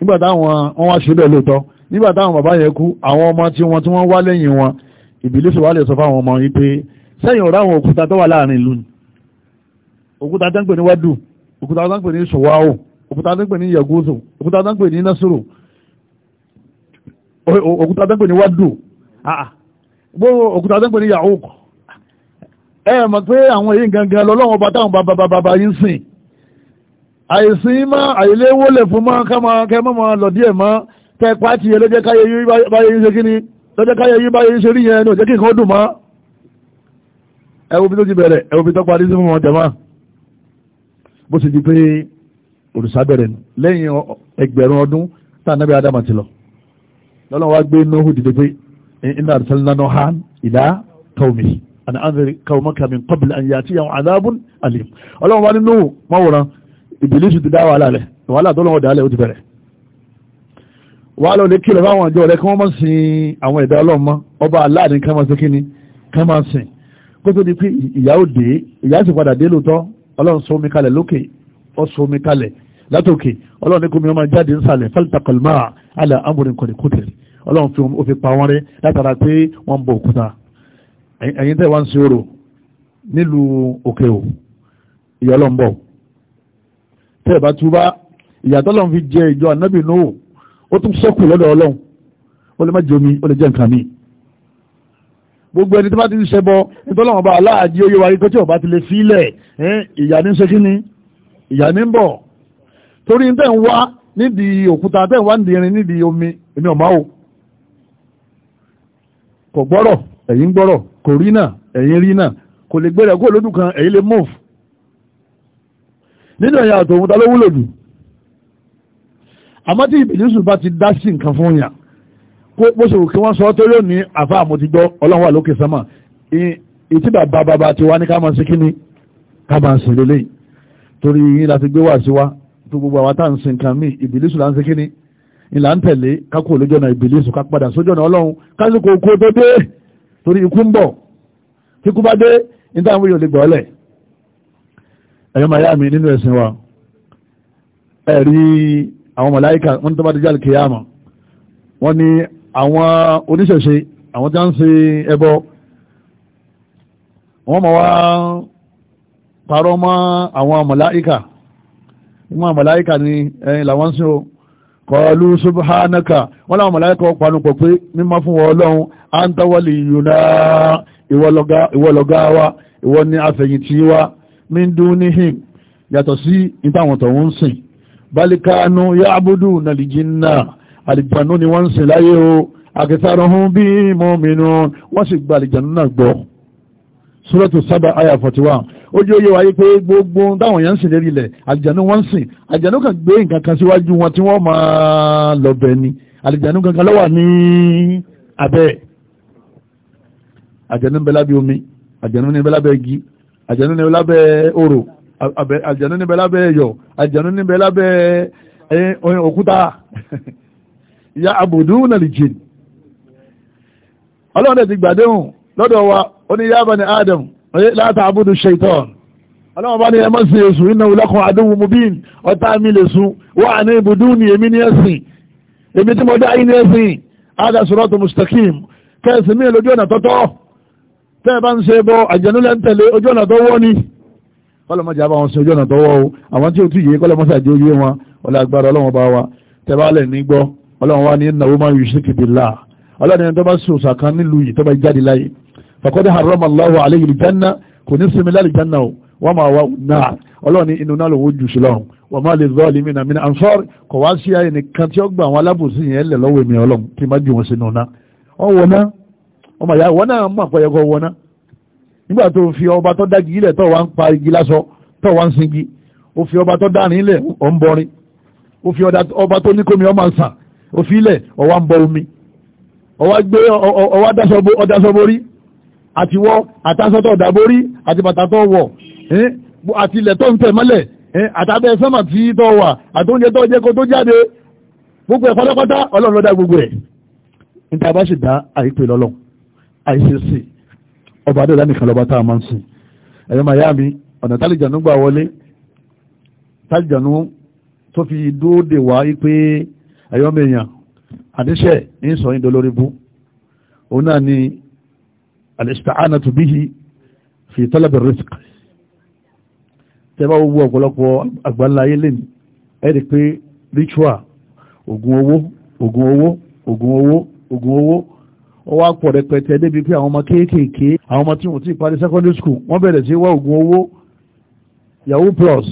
nígbà táwọn wọn wá ṣe bẹ́ẹ̀ lóòótọ́ nígbà táwọn bàbá yẹn kú àwọn ọmọ tí wọn tí wọ́n wá lẹ́yìn wọn ìbílísì wà lè sọ fáwọn ọmọ yìí pé sẹ́yìn ọ̀rọ̀ àwọn òkúta tó wà láàrin ìlú ni òkúta tó ń pè ní wádù òkúta tó ń pè ní ṣòwáwò òkúta tó ń pè ní yẹgúsù òkúta tó ń pè ní násùrù òkúta tó ń pè ní wádù gbogbo ah, ah. òkúta tó ń pè ní yahoo ẹ mọ̀ pé àwọn èyí gangan lọ́lọ́wọ́ bá táwọn bàbá bàbá sìn àìsí má àìléwólẹ̀ fún má ká máa kẹ́ mọ́ máa lọ díẹ̀ má tẹ́ pàtì yẹn lọ́jẹ́ káyé yí báyé ń ṣe kí ni lọ́jẹ́ káyé yí báyé ń ṣe rí yẹn ní òjẹ́ kí nǹkan dùn má ẹwọ́ bí tó ti bẹ̀rẹ̀ ẹwọ́ bí tó parí sí fún wọn jẹ̀má bó ti di pé òrùsá bẹ̀rẹ̀ lẹ́yìn ẹgbẹ̀rún ọdún tá ànábì Ádámù ti lọ lọ́nà wá gbé nóhù dìde pé iná àrùsálínà náà ìlà kàwùmí àná àrùsálínà kàwùmọ́kàmí kọ́bìlì àyàtí àwọn àdábùn àlè ọlọ́run wá nínú mọ́wòrán ìbílísù ti dá wàhálà rẹ̀ wàhálà tó lọ́wọ́ dálẹ̀ ó ti bẹ̀rẹ̀ wàhálà ò ní kìlọ̀ fáwọn ọjọ́ rẹ̀ kí wọ́n mọ̀ sin àwọn ẹ̀dá ọlọ́mọ ọba aláàdín ká máa ṣe kíni ká máa sìn kó tó di pé ìyá ò dé ìyá sì padà dé lóòótọ́ ọlọ́run sọ omi kalẹ̀ lókè ó sọ omi kalẹ̀ látòkè ọlọ́run ní kó mi máa jáde nsàlẹ̀ fẹ́lítàkọ̀lùmá àlà amúrin kọ̀dẹ̀kọ̀dẹ̀ ọlọ́run fi òfin pa wọ́n rẹ́ látara pé wọ́n ń bọ òkúta ẹ̀yin tẹ́ wá ń ṣe orò nílùú òkè ò ìyá ọlọ́run bọ̀ tẹ́ ẹ bá túbá ìyàtọ̀ lọ́n fi jẹ ìjọ ànábì nù ó tún sẹ́kù lọ́dọ̀ ọlọ́run ó lè má jẹ omi ó lè jẹ nǹkan mi gbogbo ẹni tó bá ti ń ṣẹbọ nítorí ọba aláàjì oyè wa ikọ́ tí ọba ti lè sílẹ̀ ìyà ní ń ṣe kí ni ìyà ní ń bọ̀ torí tẹ́ ń wá nídìí òkúta tẹ́ ń wá nídìí irin nídìí omi èmi ọ̀ma o kò gbọ́rọ̀ ẹ̀yin gbọ́rọ̀ kò rí náà ẹ̀yin rí náà kò lè gbẹ́rẹ̀ kó lódù kan ẹ̀yin lè move nínú ẹ̀yà àtòhun ta ló wúlò jù àmọ́ tí ìbìlísù bá ti dá sí nǹkan fún yàn kó bóṣe kí wọ́n sọ tó yóò ní àfa àmójúgbọ́ ọlọ́run wà lókè sánmà ìtí bàbá bàbá ti wá ní ká máa sí kíní ká máa sí lélẹ́yìn torí yín láti gbé wá sí wa tó gbogbo àwọn táà ń sin nǹkan míì ìbìlísù là ń sí kíní ìlà ń tẹ̀lé kákó olójọ́nà ìbìlísù ká padà sójọ́nà ọlọ́run kásìkò okó tó dé torí ikú ń bọ̀ kíkú bá dé ní táwọn yóò lè gbọ́ lẹ̀ ẹ̀yọ́ máa yá mi nínú ẹ̀sìn wa ẹ̀rí àwọn màláíkà wọ́n ní tó bá di jáde kìyàmà wọ́n ní àwọn oníṣẹ̀ṣe àwọn tí wọ́n ń ṣe ẹbọ wọ́n máa wá parọ́ mọ́ àwọn màláíkà ìmọ̀ màláíkà ni ẹ̀yìn làwọn sí o kọlu subhanaka wọ́n láwọn màláíkà panu pọ̀ pé mímọ́ fún wọn ọlọ́run anta waliyuna ìwọ lọ̀gá wa ìwọ ni afẹ̀yìntì wa min dunihim yàtọ̀ sí ìtàwọn tó ń sìn balikanu ya'budu nàlìjínà àlìjànú ni wọ́n ń sìn láyé o akitharuhum bí mu'minun wọ́n sì gba àlìjànú náà gbọ́ suratu sábà àyà 41 ojú oyè wáyé pé gbogbo táwọn èèyàn ń sìn lérí ilẹ̀ àlìjànú wọ́n ń sìn àlìjànú kan gbé nǹkan kan síwájú wọn tí wọ́n máa lọ́bẹ̀ ni àlìjànú kankan lọ́wà ní abẹ́ àjẹ̀nú ń bẹ omi àjẹ̀nú ń bẹ lábẹ́ igi àjànú ni lábẹ́ orò àjànú níbẹ̀ lábẹ́ ẹ̀yọ̀ àjànú níbẹ̀ lábẹ́ òkúta ya àbùdú náà lè jìn ọlọ́run ti gbàdéhùn lọ́dọ̀ wa ó ní yá bani adam láta àbúdú shaitan ọlọ́run bá ní ẹmọ́ sí èṣù iná lákùn àdéhù mubin ọ̀tá mi lè sun wà ní ibùdú ni èmi ní ẹ̀sìn èmi tí mo dá yín ní ẹ̀sìn ádà sọ́rọ́tò mustaqim kẹ́sì mí lójú ọ̀nà tọ́tọ́ tẹ́ ẹ bá ń ṣe bọ́ àjẹnú lẹ́ ń tẹ̀lé ojú ọ̀nà tó wọ́ ni kọ́lọ́mọ́jà bá wọn ṣe ojú ọ̀nà tó wọ́ o àwọn tí ó tù yé kọ́lọ́mọ́sà jẹ́ oyé wọn ọlá agbára ọlọ́wọ́n bá wa tẹ́ bá lẹ̀ ní gbọ́ ọlọ́wọ́n wa ní ìnáwó máa ń yushrik billah ọlọ́ni tó bá sòsà kan nílùú yìí tó bá jáde láyé faqad harrama Allahu alayhi al-janna kò ní sinmi láti janna o wọ́n máa wá náà ọlọ́ni inú náà lòun jù sí lọ́run wa ma lizzalimina min ansar kò wá sí ayé nìkan tí ó gba àwọn alábòsí yẹn lẹ̀ lọ́wọ́ èmi ọlọ́run tí má jù wọn sínú náà ọ̀wọ́ náà ọmọ ìyá ìwọ náà mọ̀ àpẹyẹkọ wọná nígbà tó fi ọba tó dá igi ilẹ̀ tó wà ń pa igi lásọ tó wà ń singi ó fi ọba tó dárin ilẹ̀ ọ̀ ń bọrin ó fi ọba tó ní kómi ọmọ sàn ó fi ilẹ̀ ọwá ń bọ omi ọwá gbé ọwá dáṣọ borí àti wọ àtàṣọ tó dà borí àti bàtà tó wọ àti ilẹ̀ tó ń tẹ̀ mọ́lẹ̀ àtàbẹ̀ sọ́mà tí tó wà àtóúnjẹ tó jẹ́ kó tó jáde gbogbo ẹ̀ pátápátá ọlọ́run ló gbogbo ẹ̀ níta bá sì dá àìpè lọ́lọ́run ICC ọba adéọlá nìkan lọ́ba tá a máa ń sìn ẹ̀yọ́ miami ọ̀nà tálíjànú gbà wọlé tálíjànú tó fi dúró dè wá pé ẹ̀yọ́ mẹ́yàn àdíṣẹ́ ní sọ yín dolórí bú òun náà ni al-ista'anatu bihi fi talab ar-rizq tẹ́bá gbogbo ọ̀pọ̀lọpọ̀ àgbàlá ayé lè ní ẹ̀rì pé ritual ògùn owó ògùn owó ògùn owó ògùn owó ó wá pọ̀ rẹpẹtẹ débi pé àwọn ọmọ kéékèèké àwọn ọmọ tí wọ́n ti parí secondary school wọ́n bẹ̀rẹ̀ sí wá oògùn owó yahoo plus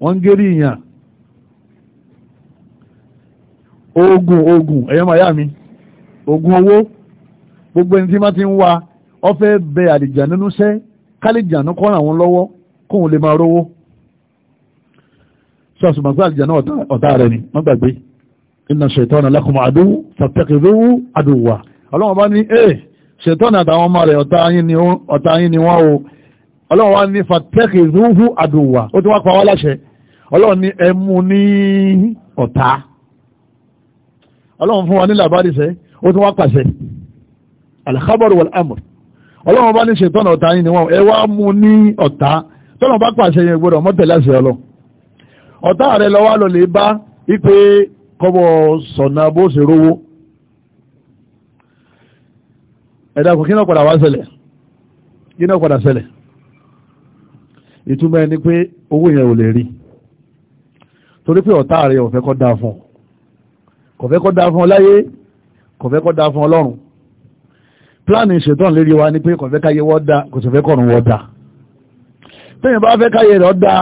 wọ́n ń gérí ìyàn oògùn oògùn ẹ̀yọ́ màyá mi oògùn owó gbogbo ẹni tí má ti ń wa ọ fẹ́ bẹ àdìjà nínú sẹ́ kálíjànú kọ́ ràn wọ́n lọ́wọ́ kóun lè máa rówó sọ́ọ̀sùmọ̀ pé àdìjà náà ọ̀tá rẹ̀ ni wọ́n gbàgbé inna shaytana lakum aduwwun fattakhidhuhu aduwwa ọlọ́run bá ní ee ṣètọ́nà àtàwọn ọmọ rẹ̀ ọ̀tá yín ni wọ́n o ọlọ́run wá ní fàtẹ́kì rúhù àdùnwà ó ti wá pa wá láṣẹ ọlọ́run ní ẹ mú ní ọ̀tá ọlọ́run fún wa ní làbáríṣẹ́ ó ti wá pàṣẹ alhabaru wal amr ọlọ́run bá ní ṣètọ́nà ọ̀tá yín ni wọ́n ẹ wá mú ní ọ̀tá tọ́nà bá pàṣẹ yẹn gbọ́dọ̀ mọ́tẹ̀láṣẹ ọlọ́ ọ̀tá rẹ̀ lọ́wọ́ lọ lè ẹ̀dàkùn kí náà padà wá ṣẹlẹ̀ kí náà padà ṣẹlẹ̀ ìtumọ̀ ẹni pé owó yẹn ò lè rí torí pé ọ̀tá rẹ̀ ọ̀fẹ́ kọ́ dáa fún kọ̀fẹ́ kọ́ dáa fún láyé kọ̀fẹ́ kọ́ dáa fún ọlọ́run pláàni ìṣètọ́n lérí wa ni pé kọ̀fẹ́ káyé wọ́n dá kò sì fẹ́ kọ̀rùn wọ́n dá tẹ́yìn bá fẹ́ káyé rẹ̀ dá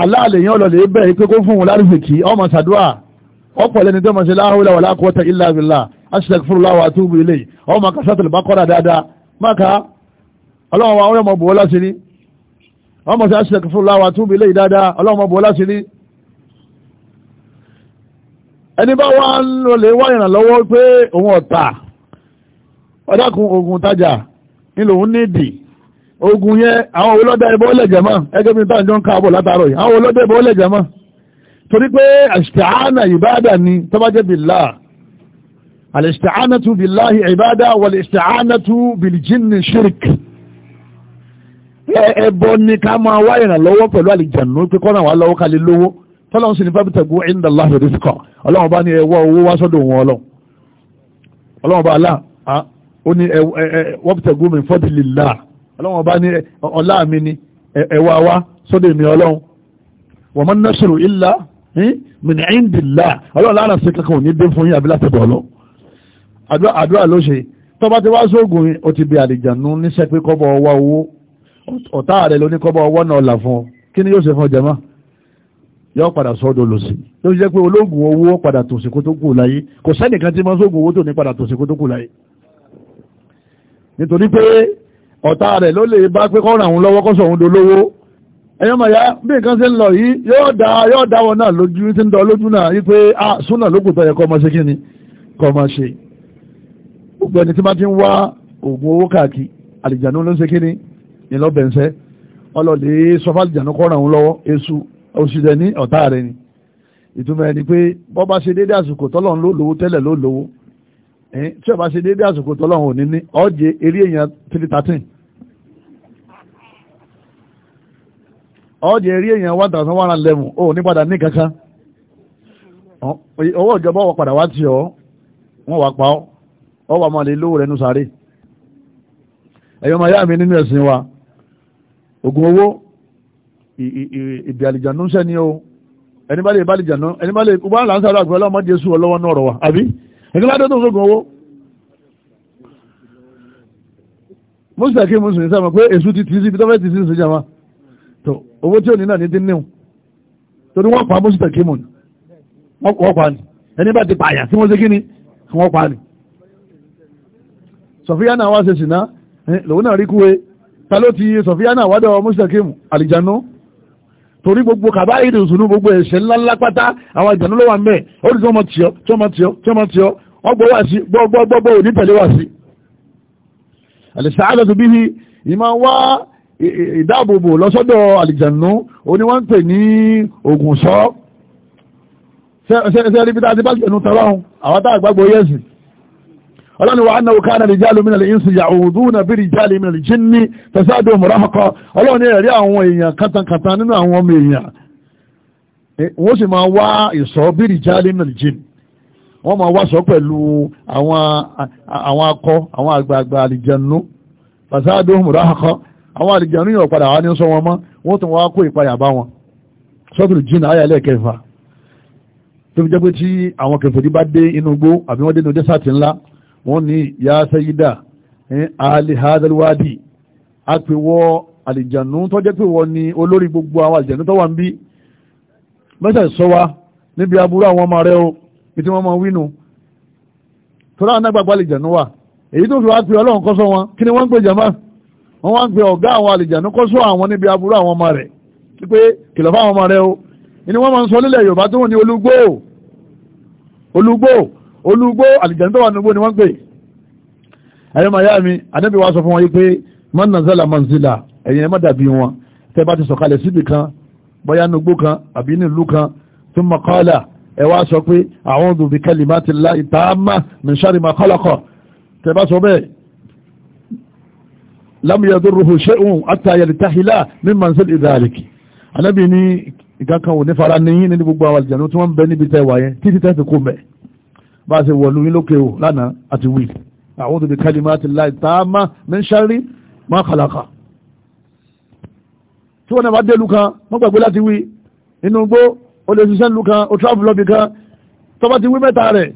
aláàlè yẹn ọlọ́lẹ̀ bẹ̀rẹ̀ pé kó fún un lárúfèkì ọmọ sàdúà ọ̀pọ̀ lẹ́ni tó mọ̀ sí la hawla wala quwwata astaghfirullah wa atubu ilayhi ọ máa ka sátẹ̀lì bá kọ́ra dáadáa máa ka ọlọ́run wa ọmọ bọ̀ láti ní ọmọ sí astaghfirullah wa atubu ilayhi dáadáa ọlọ́run bọ̀ láti ní. ẹni bá wà ń lò lè wá ìrànlọ́wọ́ pé òun ọ̀tà ọ̀dàkùn ogun tajà nílò òun nídìí ogun yẹn àwọn olóda ẹbọ lẹ̀jẹ̀ mọ́ ẹgbẹ́ mi tá ń jọ ń káàbọ̀ látàárọ̀ yìí àwọn olóda ẹbọ lẹ̀jẹ̀ mọ́ torí pé àṣìṣàánà ìbáàdà ni tọ́bájẹ́bìlá الاستعانة بالله عبادة والاستعانة wal شرك. bil-jinni shirk ẹbọ ni ká máa wá ìrànlọ́wọ́ pẹ̀lú àlìjànú pé kọ́nà wà lọ́wọ́ kalẹ̀ lówó tọ́lọ́run sì ní fábítẹ̀gù inda Allahi rizqa ọlọ́run bá ní ẹwọ́ owó wá sọ́dọ̀ wọn ọlọ́run ọlọ́run bá alá ó ní wọ́pítẹ̀gù min fadlillah ọlọ́run bá ní ọlá mi ní ẹwà wá sọ́dọ̀ mi ọlọ́run wa man nasru illa hm, min indillah àdúrà ló ṣe tó bá ti wá sóògùn o ti bí àlìjànú níṣẹ́ pé kọ́bọ̀ ọwọ́ owó ọ̀tá rẹ̀ ló ní kọ́bọ̀ ọwọ́ náà là fún ọ kí ni yóò ṣe fún ọjàmá yóò padà sọ́dọ̀ lò sí ló ṣe pé ológun owó padà tòsí kó tó kù láyé kò sẹ́nìkan tí máa sóògùn owó tó ní padà tòsí kó tó kù láyé nítorí pé ọ̀tá rẹ̀ ló lè bá pé kọ́ràn òun lọ́wọ́ kọ́sọ̀ òun dolówó ẹ̀yọ́ màá yá bí nǹkan ṣe ń lọ yìí yóò dá yóò dáwọ́ náà lójú tí ń dán lójú náà yí pé ah súnà lókùtọ̀ yẹ kọ́ ọmọ ṣe kí ni kọ́ ọmọ ṣe gbogbo ẹni tí bá ti ń wá oògùn owó káàkiri alìjànú ló ń ṣe kíní ìlọ́bẹ̀nsẹ́ ọlọ́lẹ̀ sọfà alìjànú kọ́ràn òun lọ́wọ́ èṣù òṣìṣẹ́ ní ọ̀tá rẹ ni ìtumọ̀ ẹni pé bọ́ bá ṣe déédé àsìkò tọ́lọ́run ló lówó tẹ́lẹ̀ ló lówó tí ọba ṣe déédé àsìkò tọ́lọ́run ní ọ̀jẹ̀ eré èèyàn ọ̀jẹ̀ eré èèyàn ní padà ní kankan ọwà máa lè lówó rẹ̀ nú sáré ẹ̀yọ́ máa yá mi nínú ẹ̀sìn wa ogun owó ìbí àlìjànú ń sẹ́ni o ẹni bá lè bá àlìjànú ẹni bá lè bá là ń sáré àgbẹ̀ ọlọ́mọ jésù ọlọ́wọ́ náà rọ̀ wa àbí ẹni bá dọ́tọ̀ ogun owó mọ́sílẹ̀ kí mọ́sílẹ̀ sáà mọ̀ pé èṣù ti tì sí ibi tó fẹ́ tì sí ìṣẹ́jà wa tó owó tí ò ní náà ní dín níwọ̀n torí wọ́n pa mọ́sílẹ̀ kí mọ̀ wọ́n pa ni ẹni bá ti pààyàn tí wọ́n ṣe kí ni wọ́n pa ni sọ̀fíà náà wá ṣe sìná eh, lòun náà rí kúwe ta ló ti sọ̀fíà náà wádọ̀ mùsùlùmí àlìjáná torí gbogbo kàbá èdè òṣùnú gbogbo ẹ̀ṣẹ̀ ńláńlá pátá àwọn ìjànú ló wà mẹ́ ó rí tọ́mọ tíọ́ tọ́mọ tíọ́ tọ́mọ tíọ́ ọgbọ́ wà sí gbọ́gbọ́gbọ́ òní tẹ̀lé wà sí. àlẹ́sàádọ́ tó bí i ìmọ̀ wá ìdáàbòbò lọ́sọ́dọ̀ àlìjànú òní wọ́n ń pè ní ògùn sọ́ sẹ́ẹ̀rí bí tá a ti bá ṣẹ̀nu tọ́lọ́hún àwọn tá àgbàgbọ́ yẹ̀sìn ọlọ́run wa annahu kana rijalu min al-insi ya'uduna bi rijali min al-jinni tasaduhum rahaqa ọlọ́run ní ẹ̀rí àwọn èèyàn kàtàkàtà nínú àwọn ọmọ èèyàn eh, wọ́n sì máa wá ìsọ bi rijali min al-jinni wọ́n máa wá sọ pẹ̀lú àwọn akọ àwọn àgbààgbà àlìjẹnú tasaduhum rahaqa àwọn àlìjẹnú yóò padà wá ní sọ wọn mọ́ wọ́n tún wá kó ìpayà bá wọn sọ́tùrù jìnnà ayẹlẹ́ kẹfà tó fi jẹ́ pé tí àwọn kẹfẹ́ bá dé inú igbó àbí wọ́n dé inú dẹ́sàtì ńlá wọ́n ní ya sayida ali hadalwadi a pè wọ́ àlìjànú tó jẹ́ pé wọ́n ní olórí gbogbo àwọn àlìjànú tó wà ń bí mẹ́sẹ̀ sọ wa níbi aburú àwọn ọmọ rẹ o ìtí wọ́n mọ wínú tó láwọn nágbàgbà àlìjànú wà èyí tó fi wá pé ọlọ́run kọ́sọ́ wọn kí ni wọ́n ń pè jàmá wọ́n wá ń pè ọ̀gá àwọn àlìjànú kọ́sọ́ àwọn níbi aburú àwọn ọmọ rẹ̀ pé kìlọ̀ fáwọn ọmọ rẹ o ìní wọ́n máa ń sọ nílẹ̀ Yorùbá tó wọ́n ní olúgbò olúgbò olúgbó àlìjẹ̀nù tó wà nígbó ni wọ́n pè ẹ̀yọ́ màá yá mi ànábì wa sọ fún wọn yí pé man nazala manzila ẹ̀yìn ẹ̀ má dàbí wọn tẹ́ bá ti sọ̀kalẹ̀ síbì kan bóyá nugbó kan àbí nílùú kan thumma qala ẹ wá sọ pé a'udhu bi kalimatillahi tammah min sharri ma khalaqa tẹ́ bá sọ bẹ́ẹ̀ lam yadurruhu shay'un hatta yaltahila min manzil dhalik ànábì ní ìkankan ò fara níyìn ní gbogbo àwọn àlìjẹ̀nù tí wọ́n ń bẹ níbi tẹ́ wáyé títí tẹ́ fi kú mẹ́ẹ̀ bá a ṣe wọ̀lú yín lókè o lánàá àti wí àwọn tó di kalimati llahi tamma min sharri ma khalaqa tí wọ́n náà bá dé lukan wọ́n gbàgbé láti wí inú gbó o lè ṣiṣẹ́ lukan o travel lọ́bì kan tó bá ti wí mẹ́ta rẹ̀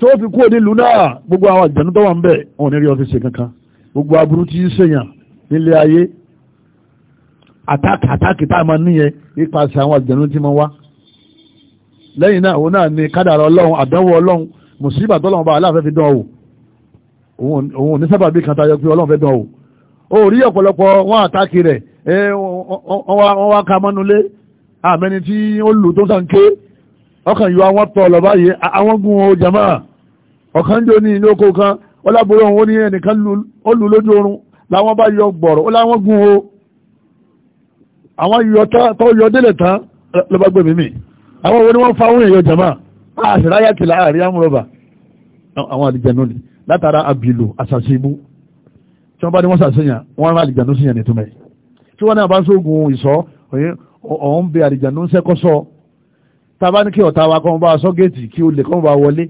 tó fi kú òní lùnà gbogbo àwọn àjẹ̀nú tó wà ń bẹ̀ wọn ò ní rí ọ́fíìsì kankan gbogbo aburú tí ń ṣèyàn nílé ayé àtàkì àtàkì tá a máa níyẹn nípasẹ̀ àwọn àjẹ̀nú tí máa wá lẹ́yìn náà òun náà ni kádàrá ọlọ́run àdánwò ọlọ́run mùsíbà tọ́lọ́run bá aláàfẹ́ fi dán o òun ò ní sábàbí kan tayọ pé ọlọ́run fẹ́ dán o ó rí ọ̀pọ̀lọpọ̀ wọn àtàkì rẹ̀ wọ́n wá ka mọ́nulé àmẹ́ni tí ó lù tó sàn ké ọkàn yóò àwọn tọ̀ lọ báyìí àwọn gun o jama ọ̀kan jò ní ilé oko kan ọlábòrò òun ó ní ẹnìkan ó lù lójú oorun làwọn bá yọ gbọ̀rọ̀ ó láwọn gun o àwọn yọ tó yọ délẹ̀ tán lọ́ba gbẹ̀mí mi àwọn wo ni wọ́n fa òun èèyàn jama àṣìráyà ah, ti láàrin amúrọ̀bà àwọn àlìjẹ̀nú ni látara àbìlò àṣàṣìbú tí wọ́n bá ní wọ́n ṣàṣeyàn wọ́n rán àlìjẹ̀nú sí yẹn nítumẹ̀ tí wọ́n náà bá sóògùn ìṣọ́ ọ̀hún bẹ àlìjẹ̀nú sẹ́kọ́sọ́ ta bá ní kí ọ̀tá wa kọ́mọba aṣọ́ géètì kí o lè kọ́mọba wọlé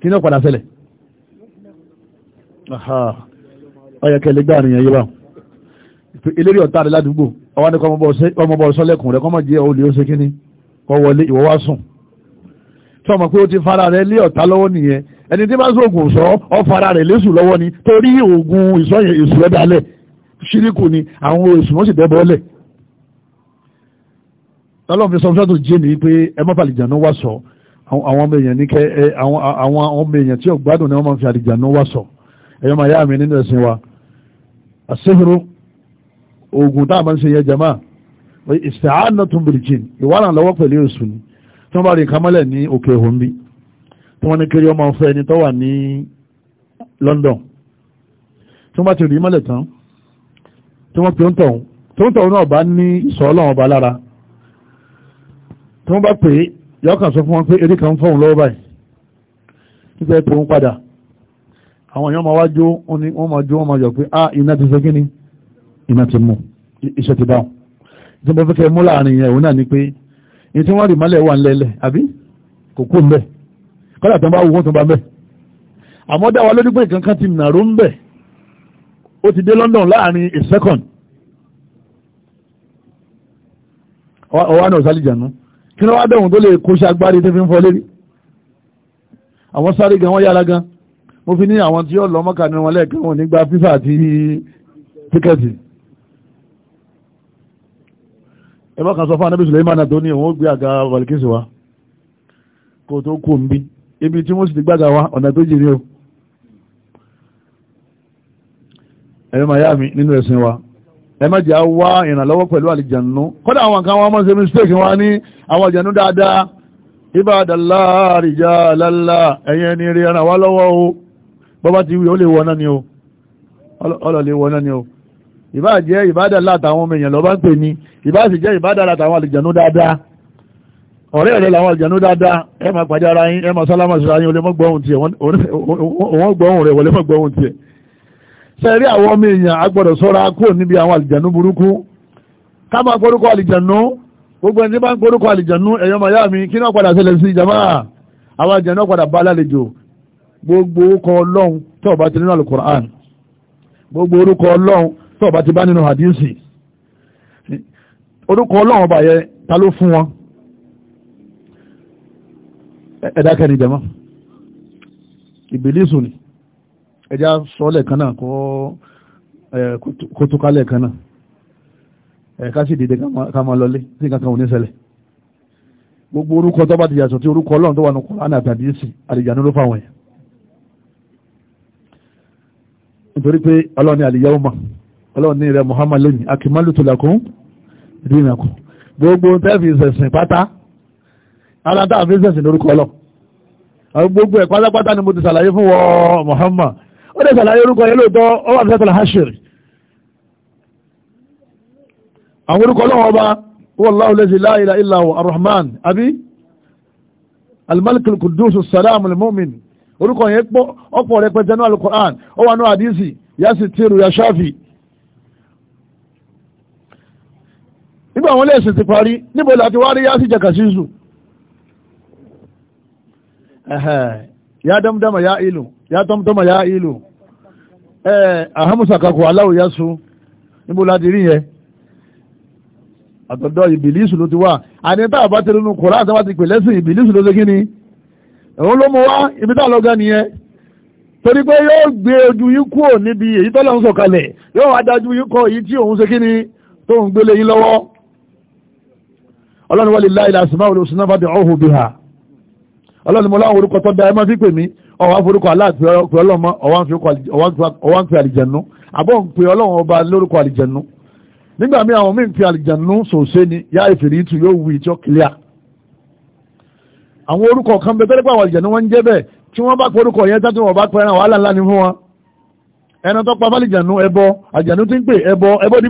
kí ní padà ṣẹlẹ̀ ọ̀yẹ̀kẹ̀lẹ̀ gbà nìyẹn yé báwọn sọmọ pé ó ti fara rẹ̀ lé ọ̀tá lọ́wọ́ nìyẹn ẹni tí bá sóògùn sọ ọ fara rẹ̀ lésù lọ́wọ́ ni torí oògùn ìsọyìn èsù ẹ̀ dalẹ̀ ṣíríkù ni àwọn èsù wọn sì dẹ́bọ̀ ọlẹ̀ lọ́lọ́ fi sọ fún ṣàtò jẹ́ mi pé ẹ má fàlìjànú wá sọ àwọn ọmọ èèyàn ní àwọn ọmọ èèyàn tí ọgbádùn ni wọ́n máa fi àlìjànú wá sọ ẹ̀yọ́ máa yá mi nínú ẹ̀sìn wa àṣehoro oògùn tá a máa ń ṣe yẹ jama ìṣàánà tún bìrìjìn ìwà tí wọ́n bá rí nǹkan mọ́lẹ̀ ní òkè òhun bí tí wọ́n ní kiri ọmọ ọ̀fẹ́ ẹni tó wà ní London tí wọ́n bá ti rí mọ́lẹ̀ tán tí wọ́n pe ń tọ̀hún tí wọ́n tọ̀hún náà bá ní ìṣọ́ ọlọ́run ọba lára tí wọ́n bá pè é yọ́kàn sọ fún wọn pé eré kan ń fọ́hún lọ́wọ́ báyìí nígbà ètò òun padà àwọn èèyàn máa wá jó wọ́n máa jó wọ́n máa yọ̀ pé ah iná ti ṣe kíni iná ti mú iṣẹ́ ti dáhùn ìjọba fẹ́ kẹ́ mú láàrin yẹn òun náà ni pé ní tí wọ́n rí mọ́lẹ̀ wà ńlẹ̀lẹ̀ àbí kò kú ń bẹ̀ kọ́lá tó ń bá wù wọ́n tó ń bá ń bẹ̀ àmọ́ dá wa lójú pé nǹkan kan ti nàró ń bẹ̀ ó ti dé London láàrin a second ọwá náà sálìjànú kí wọ́n wá dẹ̀wọ̀n tó lè kó ṣagbárí tó fi ń fọ lérí àwọn sáré gan wọ́n yára gan mo fi ní àwọn tí yóò lọ mọ́kànlá wọn lẹ́ẹ̀kan wọn nígbà fífà àti tíkẹ́ẹ̀tì ebe kan sọ fún anábì Suleiman tó ní òun ó gbé àga valikisi wa kó tó kú òun ibi tí wọ́n sì ti gbága wa ọ̀nà tó jìnnì o ẹ̀yọ́ màá yá mi nínú ẹ̀sìn wa ẹ má jẹ́ wá ìrànlọ́wọ́ pẹ̀lú àlìjànú kódà àwọn kan wọ́n mọ́ sí mistake wá ní àwọn àjànú dáadáa ibadala rijalala ni rí ara wá lọ́wọ́ o bọ́bá ti wí ó lè wọ náà ni o ọlọ́ náà ìbá jẹ́ ìbádà látàwọn ọmọ èèyàn lọ́bá ń pè ní ìbá sì jẹ́ ìbádà látàwọn àlìjànú dáadáa ọ̀rẹ́ rẹ̀ làwọn àlìjànú dáadáa ẹ máa pàdé ara yín ẹ máa sálámà síra yín olèmọ́ gbọ́hùn tiẹ̀ wọ́n gbọ́hùn rẹ̀ wọlé mọ́ gbọ́hùn tiẹ̀ sẹ́rí àwọn ọmọ èèyàn agbọ́dọ̀ sọ́ra kúrò níbi àwọn àlìjànú burúkú ká máa porúkọ àlìjànú gbogbo ẹni bá ń porúkọ àlìjànú ẹ̀yọ́ màyá mi kí náà padà ṣẹlẹ̀ sí ìjàmá àwọn àlìjànú padà bá lálejò gbogbo orúkọ ọlọ́run tó bá ti nínú àlùkùránì gbogbo orúkọ ọlọ́run tó bá ti bá nínú hadisi orúkọ ọlọ́run ọba yẹ ta ló fún wọn ẹ̀dá kẹrin jẹmọ́ ìbílísù ni ẹjá sọ́lẹ̀ kan náà kó tó kálẹ̀ kan náà ẹ̀ka sì dìde ká máa lọlé sí kankan ò ní ṣẹlẹ̀ gbogbo orúkọ tó bá ti yàtọ̀ tí orúkọ ọlọ́run tó wà ní Kùránì àtàdí sí ló fáwọn yẹn nítorí pé ọlọ́run ni àlìyáwó mọ̀ ọlọ́run ní ìrẹ Muhammad lónìí akimalutu lakum dinakum gbogbo tẹ́ẹ̀fì ìsẹ̀sìn pátá ara tá a fi sẹ̀sìn lórúkọ lọ gbogbo ẹ̀ pátápátá ni mo ti ṣàlàyé fún wọ Muhammad ó lè ṣàlàyé orúkọ yẹn lóòótọ́ ó wà fẹ́ẹ́ tọ́lá hashir àwọn orúkọ ọlọ́wọ́ ọba wallahu lazi la ilaha illa huwa arrahman àbí almalikul kudus salamul mu'min orúkọ yẹn pọ̀ ọ̀pọ̀ rẹpẹtẹ náà alukur'an ó wà náà àdìsí yasi tiru ya nígbà wọn lẹ́sìn ti parí níbo láti wá rí yá sí jẹ́kà sísù ya dámdámà ya ìlú ya tọ́mtọ́mà ya ìlú ahamusakakù aláwò yá su níbo láti rí yẹn àtọ̀dọ̀ ìbìlísù ló ti wà àníta àbátẹ̀lẹ́nu kọ̀rá àtàwà ti pè lẹ́sìn ìbìlísù ló ti kí ni òun ló mú wá ibi tá lọ́gá nìyẹn torí pé yóò gbé ojú yín kúrò níbi èyí tọ́lọ́run sọ̀kalẹ̀ yóò wá dájú yín kọ èyí tí òun ṣe kí ni tóun gbélé yín lọ́wọ́ ọlọ́run wọ́n lè láì lásìmá olóòsù náà bá dẹ̀ ọ́hù bí ha ọlọ́run mọ́ láwọn orúkọ tó dá ẹ máa fi pè mí ọwọ́n forúkọ aláàpẹ ọlọ́mọ ọwọ́n ń pe àlìjẹ̀nú àbọ̀ ń pe ọlọ́run ọba lórúkọ àlìjẹ̀nú nígbà míì àwọn míì ń pe àlìjẹ̀nú sòṣe ni yá ìfèrè ìtù yóò wù ìtọ́ kílíà àwọn orúkọ kan bẹ tẹ́lẹ́pẹ́ àwọn àlìjẹ̀nú wọ́n jẹ́ bẹ́ẹ̀ tí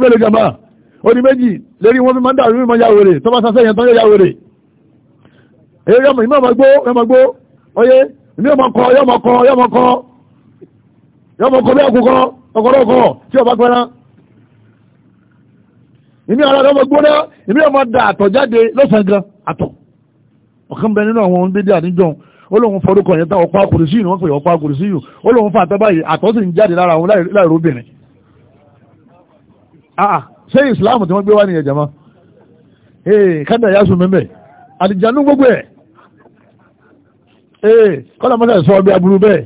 wọ́n bá orí méjì lérí wọn fi máa ń dàrú mímọ ya wèrè tó bá sasẹ́ yẹn tán yóò ya wèrè èyí yọmọ ìmọ̀ ọmọ gbó yọmọ gbó oyé ìmí ọmọ kọ yọmọ kọ yọmọ kọ yọmọ kọ bí àkùkọ ọkọrọ ọkọ tí ọba pẹran ìmí ara rẹ ọmọ gbóná ìmí ọmọ da àtọ̀ jáde lọ́sàn-án gan àtọ̀ ọ̀kan bẹ nínú àwọn bídí àníjọ ó lóun forúkọ yẹn tán ọ̀pá kùrìsí ìnú wọn pè ọ̀pá kùrìsí ìnú ó lóun fà àtọ́ báyìí àtọ̀ sì ń jáde lára àwọn láìróbìnrin ṣé ìsìláàmù tí wọ́n gbé wá ní ẹ̀jẹ̀ mọ́ ee kádà yá sùn mẹ́mẹ́ àdìjànú gbogbo ẹ̀ ee eh, kọ́lá mọ́tà sọ ọbẹ̀ aburú bẹ́ẹ̀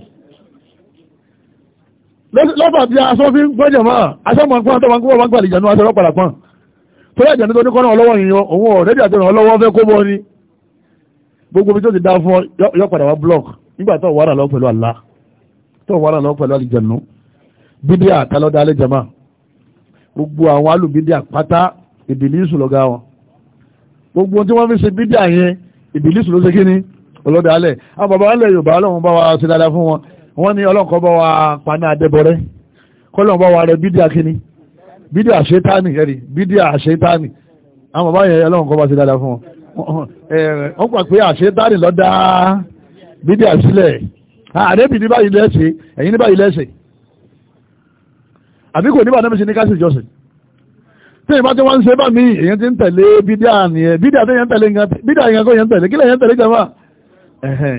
lọ́pàá tí aṣọ fi ń gbọ́jẹ̀ mọ́ aṣọ mọ̀ nǹkan tó wọn kúrò wọn gbà àdìjànú aṣọ ọlọ́pàá pọ̀ torí àdìjànú tó ní kọ́nà ọlọ́wọ́ yìnyín òun ọ̀rẹ́dì àti ọlọ́wọ́ fẹ́ kó bọ́ ni gbogbo bí tó ti dá fún yọ padà wá block nígbà tó wàrà lọ pẹ̀lú àlá tó wàrà lọ pẹ̀lú àdìjànú bídíà tálọ́dá alẹ́ jẹ̀máà gbogbo àwọn alùbídíà pátá ìbìlísù lọ́gá wọn gbogbo tí wọ́n fi ṣe bídíà yẹn ìbìlísù ló ṣe kí ni ọlọ́dà alẹ̀ àwọn bàbá alẹ̀ yorùbá ọlọ́run bá wa ṣe dáadáa fún wọn wọ́n ní ọlọ́nkọ́ bá wa paná adẹ́bọrẹ́ kọ́lọ́n bá wa rẹ bídíà kí ni bídíà ṣetáni ẹ̀rí bídíà ṣetáni àwọn bàbá yẹn ọlọ́nkọ́ bá ṣe dáadáa fún wọn wọ́n gbà pé àṣetáni lọ́dá bídíà sílẹ̀ àdébì ní báyìí lẹ́sẹ̀ ẹ̀yìn ní báyìí lẹ́sẹ̀ àbí kò níbà náà fi ṣe ní káṣí ìjọsìn tí ìbá tí wọ́n ń ṣe bá mi èyàn ti ń tẹ̀lé bídà nìyẹn bídà tó yẹn tẹ̀lé nǹkan bídà yẹn kó yẹn tẹ̀lé kílẹ̀ yẹn tẹ̀lé jẹ́wà ẹ̀hẹ́n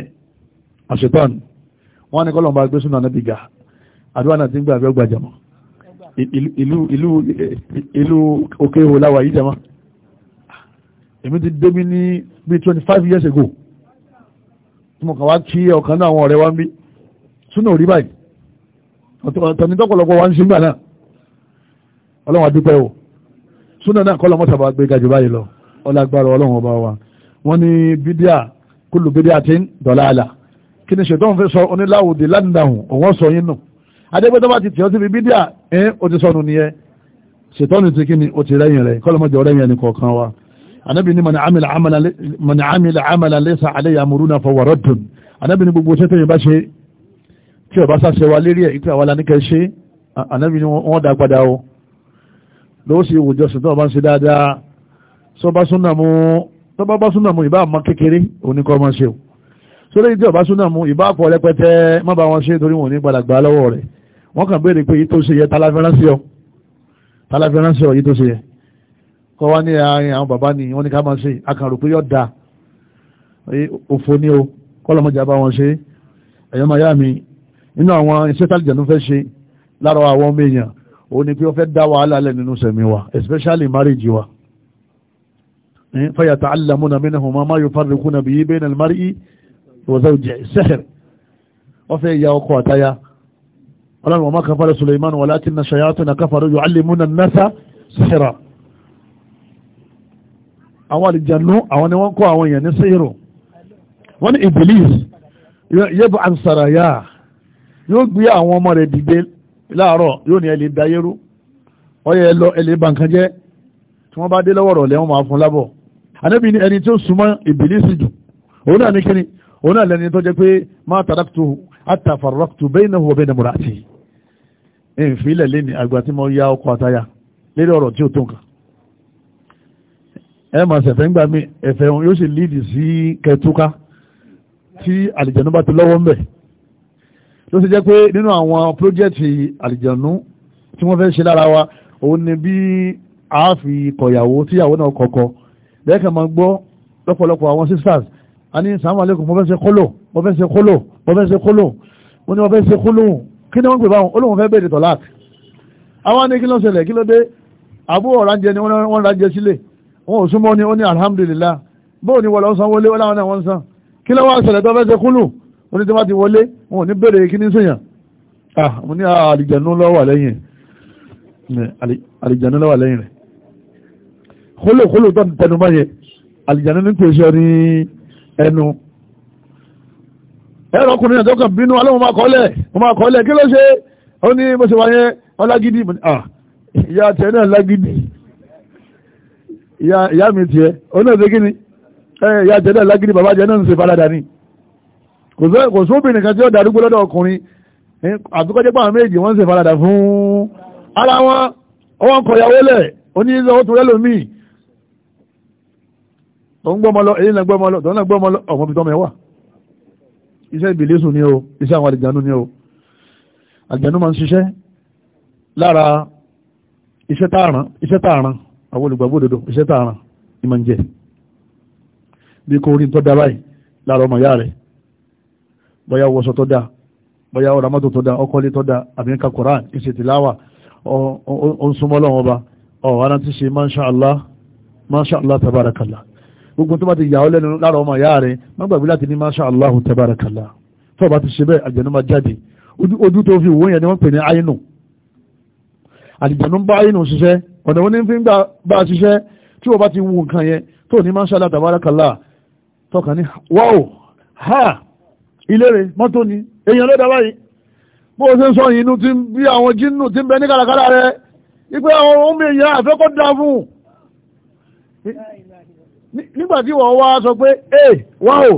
àṣetán wọ́n ní kọ́lọ̀mbà gbé súnà náà bìgà àdúrà náà ti ń gbà bí ọgbà jẹmọ́ ìlú òkè ihò láwà yìí jẹmọ́ èmi ti dé mi ní bí twenty five years ago tí mo kàn wá kí ọ̀kan náà àwọn ọ̀rẹ́ wa ń bí súnà ò rí báyìí tọ̀ni tọ́pọ̀lọpọ̀ wa ń ṣe ń gbà náà ọlọ́run adúpẹ́ o súnà náà kọ́lọ́ mọ́tàbà gbé gajù báyìí lọ ọlágbára ọlọ́run ọba wa wọ́n ní bídíà kúlù bídíà ti ń dọ̀lá àlà kí ni ṣètò òǹfẹ́ sọ oníláwòdì ládìndàhùn òun sọ yín nù adégbétọ́ bá ti tì ọ́ síbi bídíà ẹ́ o ti sọnù nìyẹn ṣètò ní ti kí ni o ti rẹ́yìn rẹ̀ kọ́lọ́ mọ́jọ rẹ́yìn ẹni kọ̀ọ̀kan wa anábì ní mọ̀nà àmìlà àmàlà lẹ́sà àlẹ́ yàmùrúnà fọwọ́rọ́dùn anábì ní gbogbo ṣẹ́tẹ̀yìn bá ṣe tí ọba sáṣẹ wa lérí ẹ̀ ìpé àwọn aláníkẹ́ ṣe ànábì ni wọ́n dá padà o lọ́wọ́ sí ìwòjọ́ sùn tó bá ń ṣe dáadáa sọba súnàmù tọba bá súnàmù ìbá àmọ́ kékeré oníkọ́ ọmọ ṣe o sórí ìdí ọba súnàmù ìbá àpọ̀ rẹpẹtẹ má bá wọn ṣe torí wọn ní padà gbà lọ́wọ́ rẹ̀ wọ́n kàn béèrè pé yìí tó ṣe yẹ tálàfẹ́ránṣẹ́ ọ yìí ṣe yẹ kọ́ wá ní àárín àwọn bàbá ni wọ́n ní ká máa ṣe akàrò pé yọ̀ da òfò ni o kọ́lọ́mọjà bá wọn ṣe ẹ̀yọ́ máa yá mi nínú àwọn iṣẹ́ tálìjẹ̀nú fẹ́ ṣe lára àwọn ọmọ èèyàn òun ni pé ó fẹ́ dá wàhálà lẹ̀ nínú sẹ̀mí wa especially marriage wa fayata alamuna minahuma ma yufarriquna bihi bayna al-mar'i wa zawjihi sihr ó fẹ́ ya ọkọ àtaya ọlọ́run wa ma kafara Sulaiman walakinna shayatina kafaru yu'allimuna an-nasa sihra àwọn àlìjànú àwọn ni wọ́n kọ́ àwọn èèyàn ní síhìrù wọ́n ni Iblis yẹ́bù ansàràyà yóò gbé àwọn ọmọ rẹ̀ dìde láàárọ̀ yóò ní ẹlẹ́ dayérú ọyẹ ẹlọ ẹlẹ́ bankan jẹ́ tí wọ́n bá dé lọ́wọ́rọ̀ lẹ́wọ́n máa fún lábọ̀ anábì ni ẹni tí ó súnmọ́ ìbílísì jù òun náà ní kíni òun náà lẹ́ni tó jẹ́ pé má tàdákùtù àtàfàrọ́kùtù bẹ́ẹ̀ náà wọ bẹ́ẹ̀ mọ̀rà sí i ìfilẹ̀ lẹ́ni àgbà tí mo ya ọkọ̀ àtayà lérí ọ̀rọ̀ tí ó tó nǹkan ẹ máa ṣẹ̀fẹ̀ ń gbà mí ẹ̀fẹ̀ yóò ló ṣe jẹ́ pé nínú àwọn pírójẹ́tì àlìjànú tí wọ́n fẹ́ ṣe lára wa òun ni bí a fi kọ̀yàwó tíyàwó náà kọ̀kọ̀ lẹ́ẹ̀kan máa gbọ́ lọ́pọ̀lọpọ̀ àwọn sisters a ní sàmú alẹ́kùn mo fẹ́ ṣe kólò mo fẹ́ ṣe kólò mo fẹ́ ṣe kólò mo ní mo fẹ́ ṣe kólò kí ni wọ́n pè báwọn olóhùn fẹ́ bèèrè tọ̀lák àwọn ní kí ló ṣẹlẹ̀ kí ló dé àbúrò ọ̀ránjẹ ni wọ́n ránjẹ sílẹ̀ wọn ò súnmọ́ ni ó ní alhamdulillah bóò ni wọ́n lọ sanwó lé wọ́n láwọn náà wọ́n san kí ló wá ṣẹlẹ̀ tó fẹ́ ṣe kólò ó ní tí wọ́n ti wọlé wọn ò ní bèrè kí ní sèyàn ah mo ní àlìjànú lọ́wọ́ lẹ́yìn rẹ̀ àlìjànú lọ́wọ́ lẹ́yìn rẹ̀ kólò kólò tó tẹnu bá yẹ àlìjànú ní pèsè ní ẹnu ẹ̀rọ ọkùnrin náà tó kàn bínú alẹ́ mo máa kọ́lẹ̀ mo máa kọ́lẹ̀ kí ló ṣe ó ní mo ṣe wáyé ọlágídí ah ìyá tẹ náà lágídí ìyá mi tiẹ̀ ó náà ṣe kí ni ìyá tẹ náà lágídí bàbá jẹ náà ń ṣe faradà ni kò sóbìnrin kan tí ó darúgbó lọ́dọ̀ ọkùnrin àtúkọ́jẹ́ pàwọn méjì wọ́n sì farada fún ara wọn wọ́n kọ̀yàwó lẹ̀ oníyíṣẹ́ ó turẹ́ lómi tó ń gbọ́mọ lọ èyí náà gbọ́mọ lọ tó ń náà gbọ́mọ lọ ọmọ ibi tọ́mọ ẹ̀ wà iṣẹ́ ìbílísù ni o iṣẹ́ àwọn àlìjànú ni o àlìjànú máa ń ṣiṣẹ́ lára iṣẹ́ tààràn iṣẹ́ tààràn àwọn olùgbàgbọ́ òdodo iṣẹ́ tààràn ìmọ̀ ń jẹ bí kò rí tó dá báyìí lára ọmọ ìyá rẹ̀ bóyá wọṣọ tó dáa bóyá ọ̀rọ̀ amátò tó dáa ọkọ̀lé tó dáa àbí nǹkan koran ìṣètìláwà ó ń súnmọ́ tabarakallah gbogbo tó bá ti yàwó lẹ́nu lára ọmọ ìyá rẹ̀ má gbàgbé tabarakallah tó bá ti ṣe bẹ́ẹ̀ àjẹ̀nú máa jáde ojú tó fi wò yẹn ni wọ́n pè ní àyínú àjẹ̀nú bá àyínú ṣiṣẹ́ ọ̀nà wọn ní fi ń bá ṣiṣẹ́ tí wọ́n bá ti wù nǹkan yẹn tó ní masha Allah tabarakallah tọkàn ní wáò ha ìlérè mọ́tò ni èèyàn ló dábàá yìí bó o ṣe ń sọ yìí inú ti ń bí àwọn jínú ti ń bẹ ní kàràkàrà rẹ ipe àwọn ọmọ èèyàn àfẹ́kọ́ dá fún nígbà tí wọ́n wá sọ pé ẹ wá o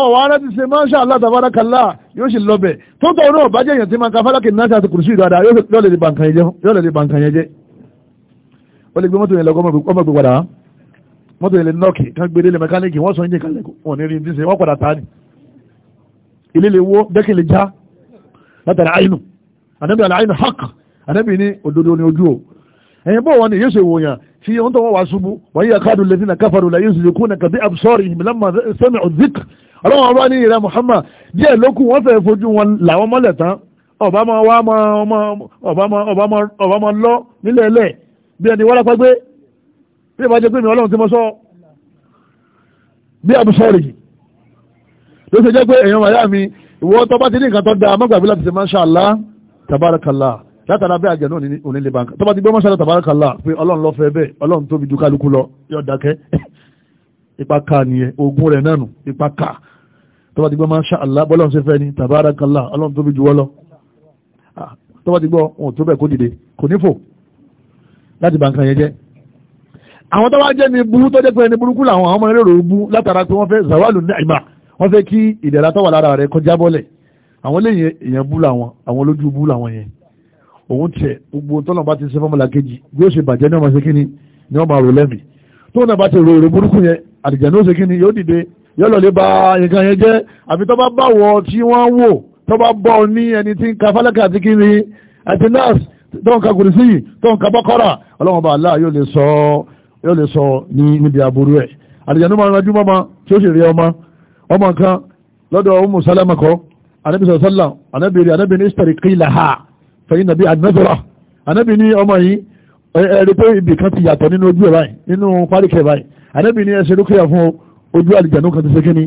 ọ̀wọ́ ara ti ṣe máa ń ṣàlá tàbárakàlá yóò ṣe lọ́bẹ̀ tó tọ̀ náà bá èèyàn tí máa ka fálákì náà ṣàti kùrùsù ìdọ̀dà yóò lè di bàǹkàn yẹn jẹ́ ó lè gbé mọ́tò yẹn lọ ọmọ ìgbé padà mọ́tò yẹn lè nọ́ọ̀kì kan gbé délé mẹkáníìkì wọ́n sọ yín jẹ́ kalẹ̀ wọ́n ní rí ní ṣe wọ́n padà tàá ni ilé lè wó dẹ́kẹ̀ lè já látàrí àìnù ànábì àìnù hàk ànábì ní òdodo ní ojú o ẹ̀yìn bọ́ wọn ni yóò ṣe wò yàn tí wọ́n tọ́wọ́ wá ṣubú wọ́n yíya káàdù lẹ́sìn náà káfàrù láyé ìṣẹ̀lẹ̀ kú nàkàdé absọ́rì ìmìlẹ́mà sẹ́mi ọ̀zik ọlọ́wọ́n ọba ní ìrẹ́ Muhammad díẹ̀ lókù wọ́n fẹ́ fojú wọn làwọn mọ́lẹ̀ tán ọba máa wá ọba máa lọ nílẹ̀ ló ṣe jẹ́ pé èèyàn wáyà mi ìwọ tó bá ti ní nǹkan tó dáa mọ́gbàgbé láti ṣe masha Allah tabarakallah látara bẹ́ẹ̀ àjẹ́ náà òní lè bàǹkà tó bá ti gbọ́ masha Allah tabarakallah pé ọlọ́run ló fẹ́ bẹ́ẹ̀ ọlọ́run tóbi ju kálukú lọ yóò dákẹ́ ipa ká nìyẹn ogun rẹ̀ náà ipa ká tó bá ti gbọ́ masha Allah bọ́lọ́run ṣe fẹ́ ni tabarakallah ọlọ́run tóbi ju wọ́ tó bá ti gbọ́ òun tó bẹ̀ kó dìde kò ní fò láti bàǹkà yẹn jẹ́ àwọn tó wá jẹ́ ni burú tó jẹ́ pé ẹni burúkú làwọn àwọn ọmọ ẹlẹ́rọ bú látara pé wọ́n fẹ́ zawalu ni'ma wọ́n fẹ́ kí ìdẹ̀ra tó wà lára rẹ̀ kọjá bọ́lẹ̀ àwọn lẹ́yìn èèyàn bú làwọn àwọn olójú bú làwọn yẹn òun tiẹ̀ gbogbo tọ́nà bá ti ṣe fọ́mọ́lá kejì bí ó ṣe bàjẹ́ ní ọmọ ṣe kíni ni wọ́n máa lẹ́mì tó bá ti rò èrò burúkú yẹn àlìjànnú ó ṣe kíni yóò dìde yóò lọ ba nǹkan yẹn jẹ́ àfi tó bá bá wọ tí wọ́n wò tó bá bọ́ ọ ní ẹni tí ń ka fálákà àti kíni àti nurse tó ń ka kùrìsì yìí tó ń ka bọ́kọ́rà ọlọ́run bá ọmọ kan lọ́dọ̀ Ummu Salama kọ́ anabi sọ̀rọ̀ sọ́lá anabi rí anabi ní istari kílà ha fẹ̀yìn nàbí adnazara anabi ní ọmọ yìí ẹ̀rí pé ibì kan ti yàtọ̀ nínú ojú ẹ̀ báyìí nínú páríkẹ̀ báyìí anabi ní ẹsẹ̀ lókè fún ojú àlìjànú kan ti ṣe kíní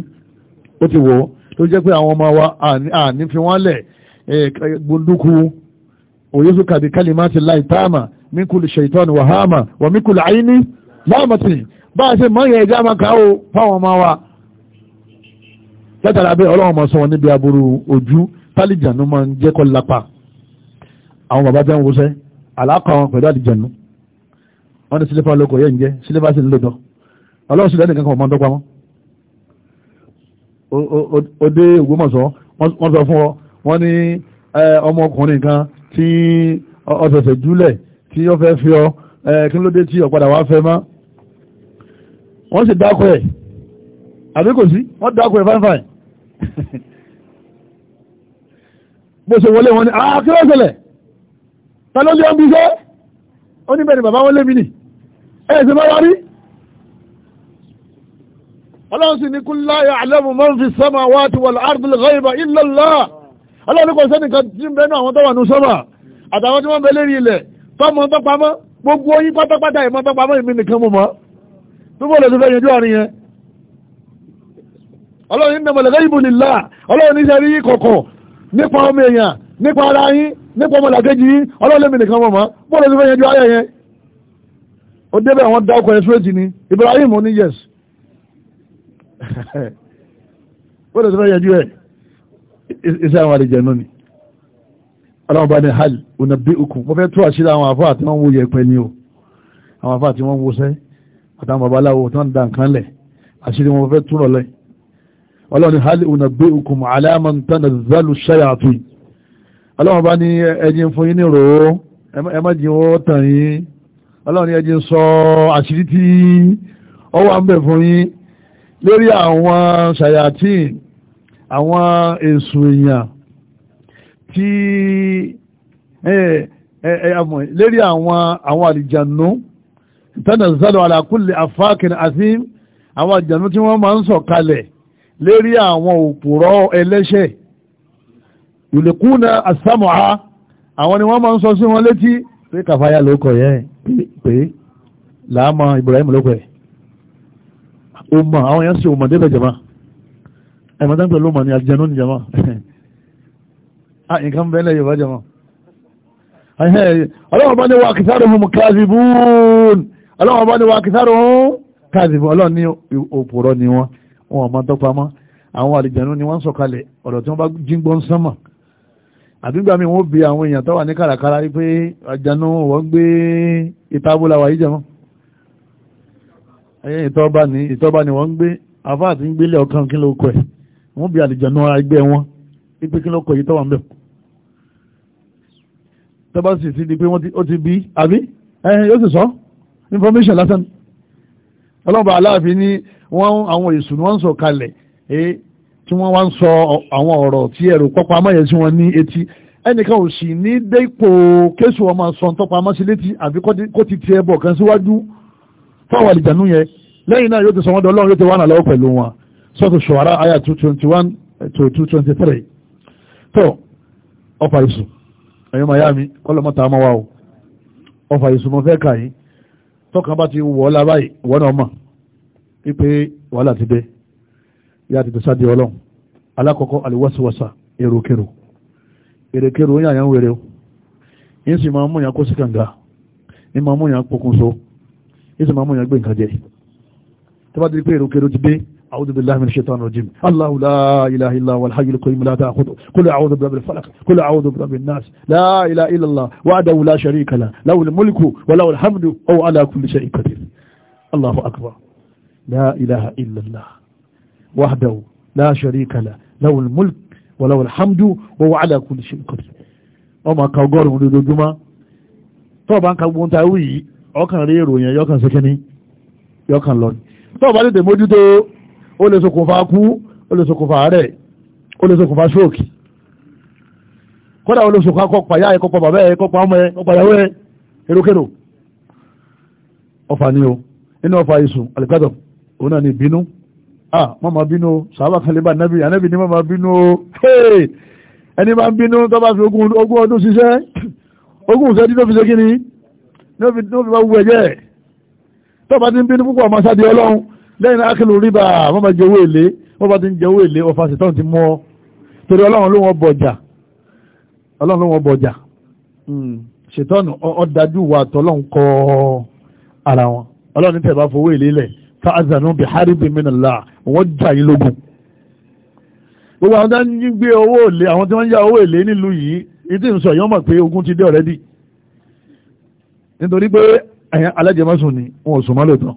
ó ti wọ̀ tó jẹ́ pé àwọn ọmọ wa àní fi wọ́n lẹ̀ gbunduku òyesu kàbí kalimati láì táàmà minkul shaitan wàhámà wà minkul àyíní láàmàtì bá a mọ́ yẹn ẹja máa kà fáwọn ọmọ wa látara bẹ́ẹ̀ ọlọ́run máa sọ wọn níbi aburú ojú tálíjànú máa ń jẹ́ kọ́ lápá àwọn bàbá tẹ́ ń wọṣẹ́ àlàkà wọn pẹ̀lú àlìjànú wọn ní sílẹ̀fà lóko yẹn ń jẹ́ sílẹ̀fà sì ń lòdọ̀ ọlọ́run sì lẹ́nìkan kan ọmọ ọdọ́ pamọ́ òde Ògbómọ̀ṣọ́ wọ́n sọ fún ọ wọ́n ní ọmọkùnrin kan tí ọ̀sẹ̀sẹ̀ júlẹ̀ tí ó fẹ́ fi ọ kí ló dé tí ọ̀padà wá fẹ́ mọ́ wọ́n sì dákọ̀ ẹ̀ àbí kò sí wọ́n dákọ̀ ẹ̀ fáìfáì bó ṣe wọlé wọn ni àkíwọ́ ah, ṣẹlẹ̀ ta ló lé ọmọ iṣẹ́ ó ní bẹ̀rẹ̀ bàbá wọn lé mi nì ẹ̀ ṣe bá wá rí ọlọ́run sì ní kú láyà àlẹ́mù man fi sọ́mà wá ti wà láàrùn ghaiba illa Allah ọlọ́run kò sẹ́nì kan ilẹ̀ ọlọ́run ní nàmọ̀lẹ́gẹ́ ìbò nìlá ọlọ́run ní sẹ́rí kọ̀kọ̀ nípa ọmọ èèyàn nípa ara yín nípa ọmọ làkejì yín ọlọ́run lèmi nìkan mọ̀mọ́ bọ́ọ̀lù ti fẹ́ yẹn ju ayẹ yẹn ó débẹ̀ àwọn dá ọkọ̀ ẹ̀sùn èjì ni Ibrahim ó ní yes bọ́ọ̀lù ti fẹ́ yẹn ju ẹ̀ iṣẹ́ àwọn àlejò ẹ̀nú ni ọlọ́run bá ní hal ònàbí okùn mo fẹ́ tó àṣírí àwọn àfáà àti wọ́n wo yẹpẹ ni o àwọn àfáà àti wọ́n wo sẹ́ àtàwọn babaláwo tí wọ́n ń da nǹkan lẹ̀ àṣírí wọn fẹ́ túrọ̀ lẹ́yìn ọlọ́run hali unagbe okùn alamantana zalu shayafi ọlọ́run bá ní ẹjìn fún yín ní ro ẹ má jìn ó tàn yín ọlọ́run ẹjìn sọ àṣírí tí ó wà ń bẹ̀ fún yín lórí àwọn shayatin àwọn èṣù èèyàn tí lérí àwọn àwọn àlìjànú tánà zalu ala kulli afákin àwọn àlìjànú tí wọ́n máa ń sọ̀ lérí àwọn òpùrọ́ ẹlẹ́ṣẹ̀ ìlẹ̀kùnà àsámọ̀á àwọn ni wọ́n máa ń sọ sí wọn létí pé kàfáyà ló kọ̀ yẹn pé làámọ̀ Ibrahim ló kọ̀ ẹ̀ ó mọ̀ àwọn èèyàn sì ò mọ̀ débẹ̀ jẹ̀mọ́ ẹ̀mọ́ tán pẹ̀lú mọ̀ ní àjẹnú ní jẹ̀mọ́ à nǹkan bẹ́ẹ̀ lẹ́yìn bá jẹ̀mọ́ ọlọ́wọ́ bá ní wa aktharuhum kadhibun ọlọ́wọ́ bá ní wa aktharuhum kadhibun ọlọ́wọ́ ní òpùrọ́ ni wọ́n wọn ọmọ tó pamọ́ àwọn àlìjànú ni wọ́n ń sọ̀kalẹ̀ ọ̀rọ̀ tí wọ́n bá jíngbọ́ ń sánmà àbígbà mi wọ́n bí àwọn èèyàn tó wà ní kàràkàrà rí pé àjànú wọ́n gbé ìtàbólà wà yíjẹ̀mọ́ ìtọ́ba ni wọ́n gbé afá àti gbélé ọkàn kí ló kọ ẹ̀ wọ́n bí àlìjànú ara ẹgbẹ́ wọn pé kí ló kọ yìí tọ́wà ń bẹ̀ tọ́ba sì ti di pé ó ti bí àbí ẹ̀yìn yóò sì sọ information lásán ọlọ́ba wọ́n àwọn èsù ni wọ́n ń sọ kalẹ̀ tí wọ́n wá ń sọ àwọn ọ̀rọ̀ tí ẹ̀rù pọ́pọ́ amáyẹ sí wọn ní etí ẹnìkan ò sì ní dépò kéṣù ọmọ sọ tọpa amásí létí àbí kó ti tiẹ̀ bọ̀ kan síwájú fáwọn àlìjànú yẹn lẹ́yìn náà yóò ti sọ wọ́n dọ́lọ́run yóò ti wà nàlọ́wọ́ pẹ̀lú wọn sọ́tò ṣọ̀wárá àyà 221 to two twenty-one twenty-three. tó ọfà ìsù ẹ̀yọ́ miami kọ́lọ́mọ́ta ọmọ wa o ọfà ìsù mọ́ fẹ́ kà yín tọ́kàn bá ti wọ́ lábáyé wọ́n náà mọ̀ wípé wàhálà ti dé yá ti tẹ̀sá di ọlọ́run alákọ̀ọ́kọ́ àlùwàsíwàsà èròkèrò èrèkèrò yàn yàn wèrè o yín sì máa mú yàn kó sí kànga yín máa mú yàn pokùnso yín sì máa mú yàn gbé nǹkan jẹ tó bá ti di pé èròkèrò ti dé أعوذ بالله من الشيطان الرجيم الله لا إله إلا هو الحي القيوم لا تأخذه قل أعوذ برب الفلق قل أعوذ برب الناس لا إله إلا الله وعده لا شريك له له الملك وله الحمد وهو على كل شيء قدير الله أكبر لا إله إلا الله وحده لا شريك له له الملك وله الحمد وهو على كل شيء قدير ọmọ kan ọgọ́rùn-ún lójoojúmọ́ tó bá ń ka gbóhùn táwí yìí ọkàn rí ìròyìn yọkàn sẹ́kẹ́ni yọkàn lọ tó bá tètè mójútó ó lè ṣokùnfà kú ó lè ṣokùnfà àárẹ̀ ó lè ṣokùnfà ṣóòkì kódà ó lè ṣokùnfà kọ́pà yá ẹ̀kọ́pà bàbá ẹ̀ kọ́pà ọmọ ẹ̀ kọ́pà yàwó ẹ̀ erókèrò ọfà ni o inú ọfà ìsùn àlùkádọ̀ òun ni bínú ah má ma bínú sàábà kan lè bá anábì anábì ni má ma bínú o ẹni máa ń bínú tó bá fi ogún ọdún ṣiṣẹ́ ogún ìṣẹ́dí ló fi ṣe kí ni ló fi bá wù ẹ̀jẹ̀ tó bá ti ń bínú púpọ̀ máa sáde ọlọ́run lẹ́yìn akílù rìbá wọ́n bá jẹ owó èlé wọ́n bá ti ń jẹ owó èlé ọfà ṣetán ti mọ́ torí ọlọ́run ló wọ́n bọ̀jà ọlọ́run ló wọ́n bọ̀jà hmm. ṣetán ọ̀dájú wà tọ́lọ́run kọ ara wọn ọlọ́run tẹ̀ bá fowó èlé lẹ̀ ta'azanu bi haribi minallah wọ́n jà yín lógun gbogbo àwọn tán ń gbé owó èlé àwọn tí wọ́n ń ya owó èlé nílùú yìí ìdí ń sọ mọ̀ pé ogun ti dé already nítorí pé alájẹmọ́sùn ni wọn ò sùn mọ́ lóòótọ́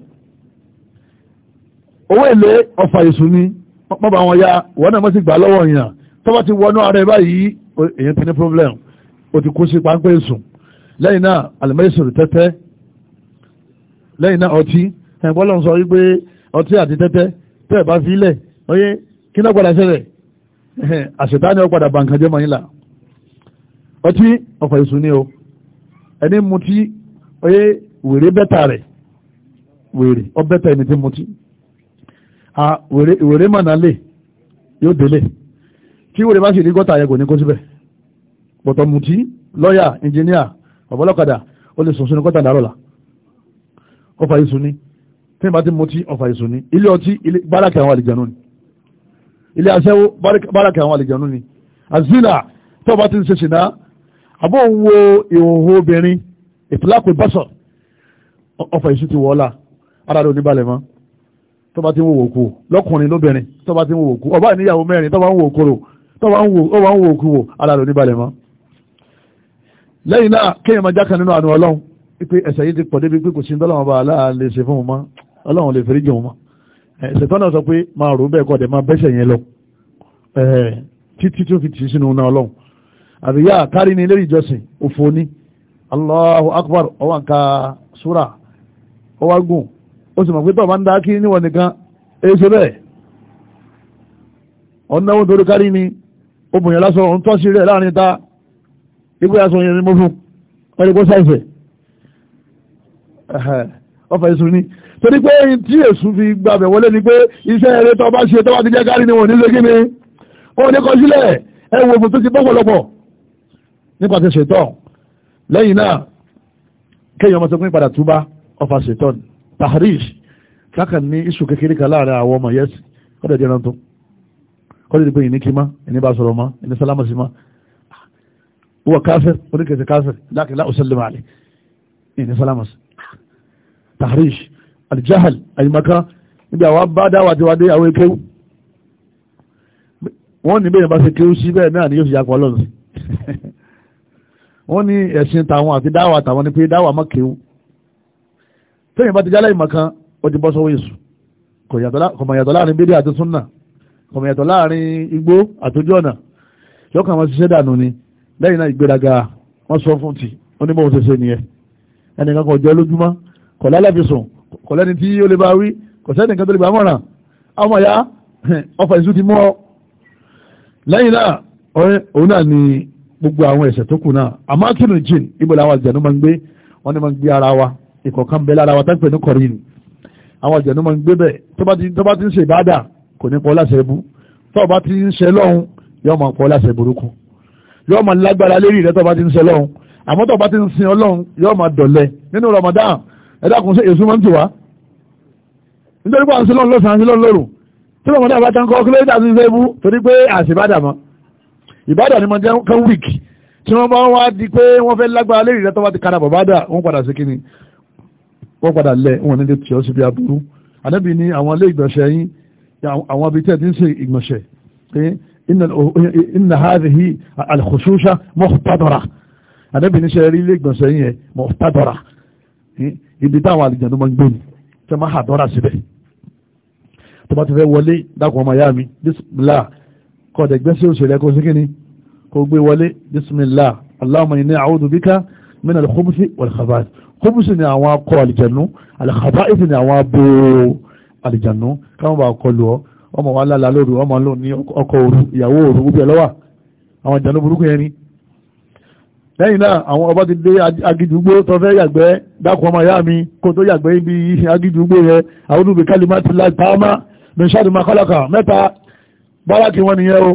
owó èlé ọfà èṣù ni mọ́ bá wọn ya wọn náà mọ́ sí gbà lọ́wọ́ èèyàn tó bá ti wọnú ara ẹ báyìí èèyàn ti ní problem o ti kú sí páńpẹ́ èṣù lẹ́yìn náà àlùmọ́ èṣù tẹ́tẹ́ ẹ̀bọ́lọ̀ sọ wípé ọtí àti tẹ́tẹ́ tẹ́ bá fílẹ̀ oyé kí náà padà ṣẹlẹ̀ àṣetáni ó padà bàǹkan jẹ́ mọ́yìnlá ọtí ọ̀fà ìsún ni o ẹni mutí oyé wèrè bẹ́tà rẹ̀ wèrè ọ bẹ́tà ẹni tí mutí wèrè mọ̀nà lè yóò délé tí wèrè bá sì rí gọ́tà yẹ kò ní kó síbẹ̀ pọ̀tọ̀ mutí lọ́yà ẹnjìníà ọ̀bọ̀lọ́kadà ó lè sùn sínú gọ́tà dàrọ̀là ọ̀fà ìsún ni tí ìbá ti mú tí ọfà ìsùn ni ilé ọtí bárakà àwọn àlìjànú ni ilé aṣẹ́wó bárakà àwọn àlìjànú ni azina tí ọba ti ń ṣe ṣìnà àbọ̀ ń wo ìhòhò obìnrin ìtìlápè bọ́sọ̀ ọfà ìsùn ti wọ́ọ́lá ara rẹ̀ oníbalẹ̀ mọ́ tó bá ti ń wo òkú lọ́kùnrin lóbìnrin tó bá ti ń wo òkú ọba ìníyàwó mẹ́rin tó bá ń wo òkú wò ara rẹ̀ oníbalẹ̀ mọ́ lẹ́yìn náà kéèyàn máa jákàn nínú àánú ọlọ́run pé ẹ̀ṣẹ̀ yìí ti pọ̀ débi pé kò sí ń dọ́lọ́wọ́n bá aláàlẹ́ ṣe fún un mọ́ ọlọ́run lè fẹ́rí jẹun mọ́ ṣètọ́ náà sọ pé máa rò bẹ́ẹ̀ kọ́dẹ̀ máa bẹ́sẹ̀ yẹn lọ títí tó fi tì sínú náà ọlọ́run àríyá kárí ni ilé ìjọsìn òfò ní Allahu Akbar ọwọ́n ka súra ọwọ́ gùn ó sì mọ̀ pé tọ́ọ̀ bá ń dá kí níwọ̀n nìkan ẹ ṣe bẹ́ẹ̀ ọ̀nàwó torí kárí ni obìnrin lásán òun tọ́ sí rẹ̀ láàrin ta ibú yà sọ yẹn ni mo fún pẹ̀lú kó sáìsẹ̀ torí pé tí èsù fi gbàbẹ̀ wọlé ni pé iṣẹ́ eré tó bá ṣe tó bá ti jẹ́ kárí ni wọ́n nílé kíni wọ́n ní kọ sílẹ̀ ẹ wo ògùn tó ti bọ́pọ̀lọpọ̀ nípa ti ṣètọ́ lẹ́yìn náà kéèyàn ọmọ tó pín padà túbá ọfà ṣètọ́ tahrish kákan ní iṣu kékeré kan láàrin àwọn ọmọ yẹsì kọ́dẹ̀ díẹ̀ náà tó kọ́dẹ̀ dípé ìní kí má ìní bá sọ̀rọ̀ má ìní sálámà sí má wọ́n káfẹ́ oníkẹsẹ̀ káfẹ́ láàkìlá òṣèlú máa ìní sálámà sí tahrish alijahal àyìnbaka níbi àwọn bá dáwà tí wà dé àwọn ekéwù wọ́n ní bẹ́ẹ̀ bá ṣe kéwù sí bẹ́ẹ̀ náà ni yóò fi yàpọ̀ lọ́nà wọ́n ní ẹ̀sìn tàwọn àti dáwà tàwọn ni pé dáwà má kéwù tẹ́yìn bá ti jálẹ̀ ìmọ̀kan ó ti bọ́ sọ́wọ́ èṣù kò yàtọ̀ láàrin bídí àti súnà kò yàtọ̀ láàrin igbó àtòjú ọ̀nà yọkàn wọn ṣiṣẹ́ dànù ni lẹ́yìn náà ìgbéraga wọ́n sọ fún ti onímọ̀ òṣèṣe nìyẹn ẹnìkan kò jẹ́ lójúmọ́ kò lálẹ́ fi sùn kò lẹ́ni tí ó lè bá wí kò sẹ́ni nǹkan tó lè bá mọ̀ràn àwọn ọmọ ya ọfà ìṣú ti mú ọ lẹ́yìn náà òun náà ni gbogbo àwọn ẹ̀ṣẹ̀ tó kù náà àmọ́ kí ni jìn ibo làwọn àjẹ̀nú máa ń gbé wọ́n ní máa ń gbé ara wa ìkọ̀ọ̀kan bẹ́ẹ̀ lára wa tápẹ̀ ní kọ̀rin àwọn àjẹ̀nú máa ń gbé bẹ́ẹ̀ tó bá ti ń ṣe ìbáàdà kò ní pọ̀ láṣẹ bú tó bá ti ń ṣe lọ́hun yóò máa pọ̀ láṣẹ burúkú yóò máa lágbára lérí rẹ tó bá ti ń ṣe lọ́hun àmọ́ tó bá ti ń sin ọlọ́hun yóò máa dọ̀lẹ nínú Ramadan ẹ̀dá kùn sí èso máa ń tì wá nítorí pé àwọn sílọ́ọ̀ lọ́sàn-án sílọ́ọ̀ lọ́rùn tí wọ́n mọ̀dá àbátan kọ́ kílódé àti ṣe ibú torí pé àṣìbádà mọ́ ìbádà ni mo jẹ́ kan wíìkì tí wọ́n bá wá di pé wọ́n fẹ́ lágbára lérí rẹ̀ tó bá ti kára bàbádà wọ́n padà sí kíni wọ́n padà lẹ̀ wọ́n nílé tí ó bí aburú ànábì ní àwọn ilé ìgbọ̀nsẹ̀ yín àwọn ibi ti ń ṣe ìgbọ̀nsẹ̀ inna hadhihi alkhushusha muhtadara ànábì ní sẹ́rí ilé ìgbọ̀nsẹ̀ yín yẹn muhtadara Hm? ibi táwọn àlejò ló máa ń gbé ni tí wọ́n máa hà dọ́ra síbẹ̀ tó bá ti fẹ́ wọlé dákun ọmọ ìyá mi bísímìlá kọ́ọ̀dẹ̀ gbẹ́sẹ̀ òṣèlè kó sí kíni kó gbé wọlé bísímìlá Allahumma inni a'udhu bika min al-khubuthi wal-khabath khubuthi ni àwọn akọ àlìjẹ̀nú al-khabaith ni àwọn abo àlìjẹ̀nú káwọn bá kọlu ọ ọmọ wa lálàá lóru ọmọ lónìí ọkọ òru ìyàwó òru gbogbo ẹ̀ lọ́wà àwọn àjẹ̀nú burúkú yẹn ni lẹ́yìn náà àwọn ọba ti dé agidugbo tó fẹ́ yàgbẹ́ dákun ọmọ ìyá mi kó tó yàgbẹ́ ibi agidugbo yẹ àwọn olùgbé kálímà ti láì pàmà bẹ́ńṣáàdì makọ́lọ́kà mẹ́ta báràkì wọn nìyẹn o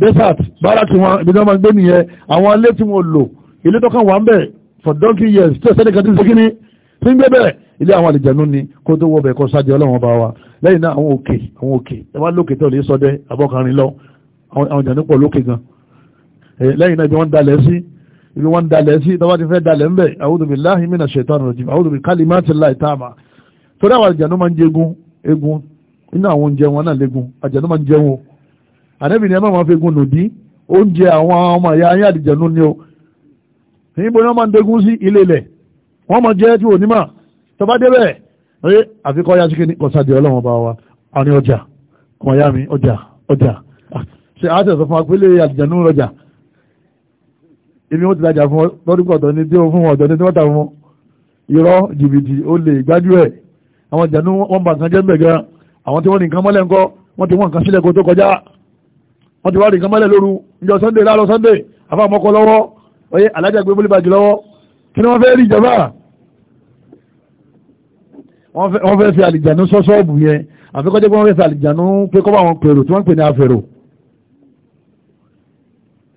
desert báràkì wọn ibi tí wọ́n máa gbé nìyẹn àwọn ilé tí wọ́n lò ilé tó kàn wà ń bẹ̀ for donkey years tí ẹ̀sẹ̀ nìkan ti ṣe kíní tí ń gbé bẹ̀ ilé àwọn àlìjẹ̀nu ni kó tó wọ bẹ̀ kó sáájú ọlọ́wọ́n bá wa lẹ́yìn náà àwọn òkè àwọn òkè ẹ wá lókè tó lè sọdẹ ibi wọ́n dalẹ̀ sí tọ́wọ́ ti fẹ́ dalẹ̀ ńbẹ̀ a'udhu billahi minash shaitanir rajim a'udhu bi kalimatillahi taama torí àwọn àjànú máa ń jẹgun egun inú àwọn oúnjẹ wọn náà légun àjànú máa ń jẹun o ànábì ni ẹ má máa fegun nòdí oúnjẹ àwọn ọmọ ìyá ayé àdìjẹ̀nu ni o níbo ni wọ́n máa ń dégun sí ilé ilẹ̀ wọ́n máa jẹ́ tí ò ní mà tọ́ba débẹ̀ ẹ ya sí kíní èmi ó ti dájà fún lọ́dún ọ̀dọ́ ni tí ó fún ọ̀dọ́ ni tí wọ́n tà fún irọ́ jìbìtì ó lè gbájú ẹ̀ àwọn ìjànú wọn bá nǹkan jẹ́ ń bẹ̀ gan àwọn tí wọ́n ní nǹkan mọ́lẹ̀ ńkọ́ wọ́n ti wọ́n nǹkan sílẹ̀ kó tó kọjá wọ́n ti wá rí nǹkan mọ́lẹ̀ lóru ìjọ sunday láàárọ̀ sunday àfa àmọ́kọ lọ́wọ́ oyè alájà gbé bólú bàjẹ́ lọ́wọ́ kí ni wọ́n fẹ́ rí ìjọba wọ́n fẹ́ fi àlìjànú sọ́sọ́ọ̀bù yẹn àfikọ́jẹ́ pé wọ́n fẹ́ fi àlìjànú pé kọ́ bá wọn pèrò tí wọ́n pè ní afẹ́rò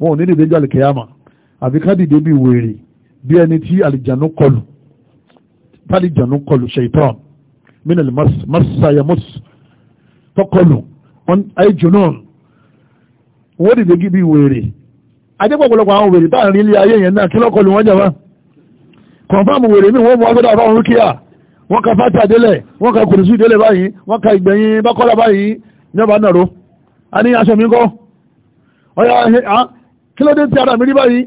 wọn ò ní dìde jọ àlìkèyàmà àbí ká dìde bí wèrè bí ẹni tí àlìjànú kọlù tálìjànú kọlù ṣèitán minal masayamus tọkọlù aijunan wọ́n dìde gí bí wèrè ajẹ́pọ̀pọ̀lọpọ̀ àwọn wèrè táà rí ilé ayé yẹn náà kí lọ́kọlù wọ́n jẹ́ wá kọ̀nfàmù wèrè ní wọ́n mú agbẹ́dà ọ̀rọ̀ wọ́n ka fátà délẹ̀ wọ́n ka kùrùsù délẹ̀ báyìí wọ́n ka ìgbẹ̀yìn bákọ́lá báyìí ní ọba náà ro a aṣọ mi kọ́ kí ló dé tí ara mi rí báyìí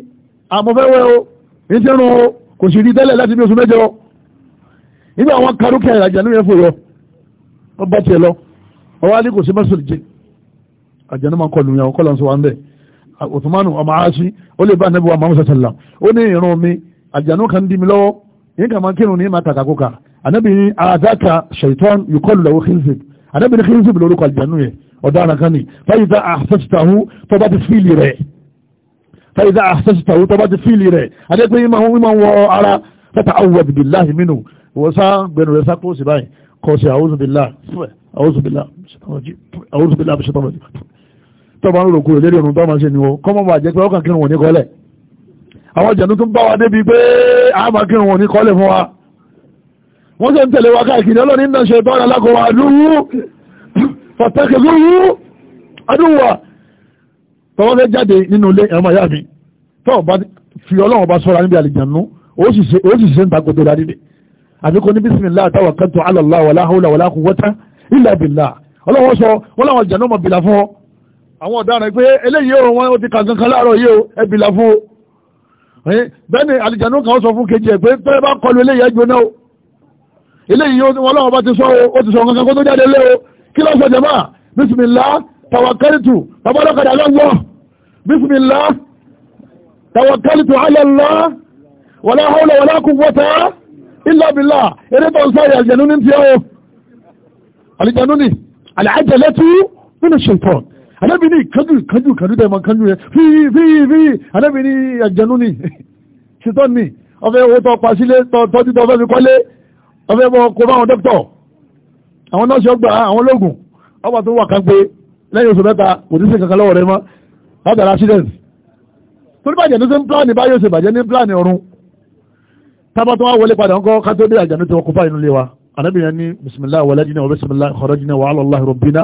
àmọ́ fẹ́ wẹ̀ o èyí ti rún o kò sì rí tẹ́lẹ̀ láti bí oṣù mẹ́jọ nígbà wọn karùkẹ́ ìrajà nínú ẹ̀fọ́ yọ wọ́n bá tiẹ̀ lọ ọwọ́ alẹ́ kò sí mẹ́sàn-án jẹ àjẹnú máa kọlù yàn kọlù sọ wà ń bẹ̀ òtùmánù ọmọ aṣí ó lè bá anábíwá muhammad sallam ó ní ìrún mi àjẹnú kan dí mi lọ́wọ́ yín kà máa kírun ní máa kàkàkùkà anábì ní àdáka shaitan yukọlù lọ́wọ́ khilzib anábì ní khilzib lórúkọ àjẹnú yẹ ọ̀daràn kan ní fáyìí tá àfẹ́sítàhù tó fẹ́ẹ́dá àṣẹ́sìtà òun tọ́ba ti fíìlì rẹ̀ adékun yìí wọ ara fẹ́ta awùwẹ̀ bìbí láì wọ́n sá gbẹnu rẹ̀ sá kó báyìí kọ́ sí àwùzùbìlà àwùzùbìlà tọ́ba ń rògbò lérí ọ̀run tọ́ba ṣe ni ó kọ́mọ́ bá jẹ́ pé ọkàn kírun wọn ní kọ́lẹ̀ àwọn jẹ̀nu tún bá wa débi pé àmà kírun wọn ní kọ́lẹ̀ fún wa wọ́n sì ń tẹ̀lé wa káàkiri ọlọ́ni náà ṣe tọ́ra lákọ̀ọ́ àdúrú fọ̀tẹ́kẹ̀lúrú àdúrà tọ́wọ́ fẹ́ jáde nínú ilé ẹ̀rọ màyà mi tọ́wọ́ bá fi ọlọ́run bá sọ́ra níbi àlìjànú ó sì ṣe ń takò tó darí ni àbí kò ní bismillah tawakkaltu ala Allah wala hawla wala quwwata illa billah sọ wọ́n láwọn jẹ̀nú ọmọ bìlà fún ọ àwọn ọ̀daràn pé eléyìí o wọn ti kàǹkan kan láàárọ̀ yìí o ẹ bìlà fún o bẹ́ẹ̀ni àlìjànú kan sọ fún kejì ẹ̀ pé tẹ́lẹ̀ bá kọlu eléyìí ẹ jóná o eléyìí wọn láwọn ti sọ o ti sọ kankan kó tó jáde lé o kí lọ́sọ̀ jẹ̀má bismillah tàwàkálìtù tàbálọ́kadà lọ́wọ́ bísmìlá tàwàkálìtù alẹ́lá wàlá hawla wàlá quwwata illa billah eré tó ń sáré àjẹ̀nú ní tí ó àlìjẹ̀nú ni àlìájẹ̀lẹ́tú nínú ṣètọ́n anábì ní ìkájú ìkájú ìkájú dẹ̀mọ̀ kájú rẹ̀ fíì fíì fíì anábì ní àjẹ̀nú ni ṣètọ́n ni ọfẹ́ owó tó pa sílé tọ́jú tó fẹ́ fi kọ́lé ọfẹ́ bọ́ kó bá àwọn dókítọ̀ àwọn nọ́ọ̀sì ọgbà àwọn ológun ọgbà tó wà ká pé lẹ́yìn oṣù mẹ́ta kò ní sí kankan lọ́wọ́ rẹ mọ́ látara accident torí bàjẹ́ ní sí ń pláàni báyìí oṣù bàjẹ́ ní pláàni ọ̀run tábàtọ́ wa wọlé padà ńkọ́ ká tó dé àjànú tí wọ́n kópa inú ilé wa anabi yẹn ní bisimilá wàlájínà wà bisimilá kọ̀rọ̀jínà wà alọ́lá rọ̀bìnà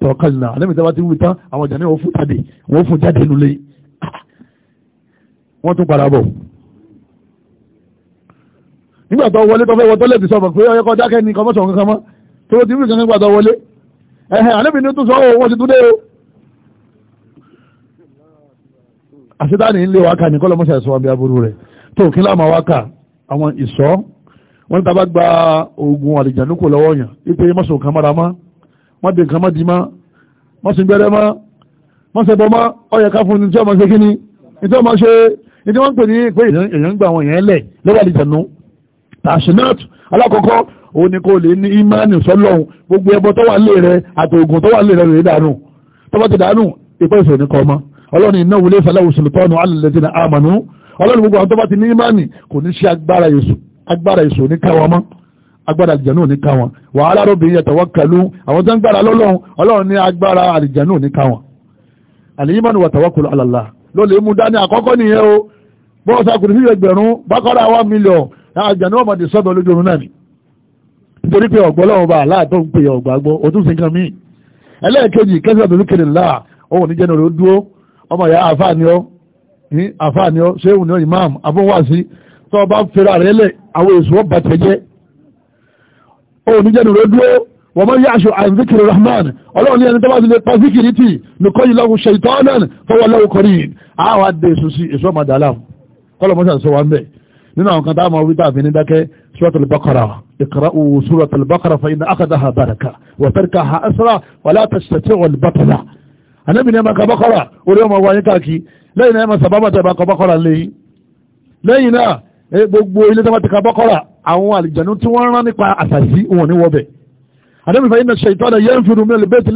tọ̀kàlìnà anabi tábà ti wù tán àwọn àjànú wọ́n fún jáde wọ́n fún jáde inú ilé wọ́n tún padà bọ̀ nígbà tó wọlé tó fẹ́ wọ tó lè bìsọ̀ mọ̀ pé ọyọ́kọ̀ dákẹ́ ni kọ́mọ́sọ̀ kankan ẹ̀hẹ̀ ànábì ní tún sọ ọ́ oh, wọ́n ti tún dé o. àṣetáni ń lé wákà ní kọ́lọ́ mọ́ṣáláṣí wọn bí aburú rẹ̀ tó kí láàmà wákà àwọn ìṣọ́ wọ́n ní tá a bá gba oògùn àlìjànú kò lọ́wọ́ yàn ipe mọ́sùn kan mára má má dé nǹkan má di má mọ́sùn gbẹ́rẹ́ má mọ́sẹ̀ bọ́ má ọyẹ ká fún ní tí ọmọ ṣe kíní ní tí ọmọ ṣe ní tí wọ́n ń pè ní pé èèyàn ń gba àwọn èèyàn lẹ̀ lọ́wọ́ àlìjànú òun ni kò lè ní ìmánì sọ́lọ́hun gbogbo ẹbọ tó wà lé rẹ àti ògùn tó wà lé rẹ rè dànù tọ́wọ́ ti dànù ìpẹ́ ìṣòro ní kọ́mọ ọlọ́run iná wulẹ̀ ìfẹ́láwù sùlùtọ́nù alẹ́lẹ́dínà àmànú ọlọ́run gbogbo àwọn tó bá ti ní ìmánì kò ní ṣe agbára èṣù agbára èṣù ní káwọn mọ́ agbára àlìjẹ̀nù ní káwọn wàhálà rọ́bìnrin yatawakkalu àwọn tó ń gbára lọ́lọ́run ọlọ́run ní agbára àlìjẹ̀nù ní káwọn àlìyímọ̀nù wàtàwọ́kùlù alàlá ló lè mú dání àkọ́kọ́ nìyẹn náà ni nítorí pé ọ̀gbọ́ lọ́wọ́ bá aláàtọ̀ ń pè ọ̀gbàgbọ́ òtún sí nǹkan míì ẹlẹ́ẹ̀kejì kẹsàn tó lókèrè ńlá òun ní jẹ́nu rẹ̀ ó dúró ọmọ ìyá àfáàníọ́ ní àfáàníọ́ ṣéhùn ní imam abúwàsí tó ọba fẹ́ra rẹ̀ lẹ̀ àwọn èso ọba tẹ̀jẹ́ òun ní jẹ́nu rẹ̀ ó dúró wọ́n mọ́ yáṣọ àìsíkiri rahman ọlọ́run ní ẹni tó bá ti lè pa síkiri tì nìkọ́ yìí lọ́wọ́ ṣètọ́nà fọwọ́ lọ́wọ́ kọrin àwọn adé èso sí èso ọmọdàlá kọ́lọ́mọ́sà sọ wa ń bẹ́ẹ̀ nínú àwọn kan dáàmà wí dáàfin ní dákẹ́ suratul baqara iqra'u suratul baqara fa inna akhadhaha baraka wa tarkaha asra wa la tastati'u al-batala anabi ní ẹmaka baqara orí ọmọ wáyé káàkiri lẹ́yìn náà ẹmọ sàbábà tẹ́ ẹmaka baqara lẹ́yìn lẹ́yìn náà gbogbo ilé tó bá ti ka baqara àwọn àlìjànú tí wọ́n rán nípa àṣàṣì wọn ní wọ́bẹ̀ anabi fa inna shaytana yanfiru min al-bayti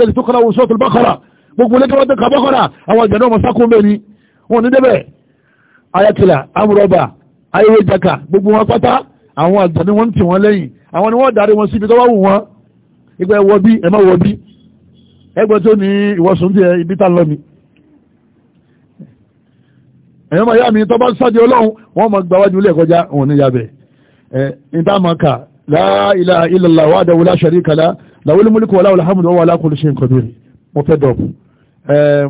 alladhi ayẹyẹ jaka gbogbo wọn pátá àwọn àgbà ni wọ́n ń tì wọ́n lẹ́yìn àwọn ni wọ́n darí wọn síbi tó bá wù wọ́n ìgbà ẹ̀wọ́ bí ẹ̀ má wọ bí ẹgbẹ́ tó ní ìwọ̀sùn tí ẹ ibi tá lọ ni ẹ̀yọ́ máa yá mi tó bá sáde ọlọ́run wọ́n máa gbáwájú ilé ẹ̀kọ́já òun ní yabẹ̀ ìdámaka la ilaha illallah wahdahu la sharika lahu lahul mulku wa lahul hamdu wa huwa ala kulli shay'in qadir mo fẹ́ dọ̀bù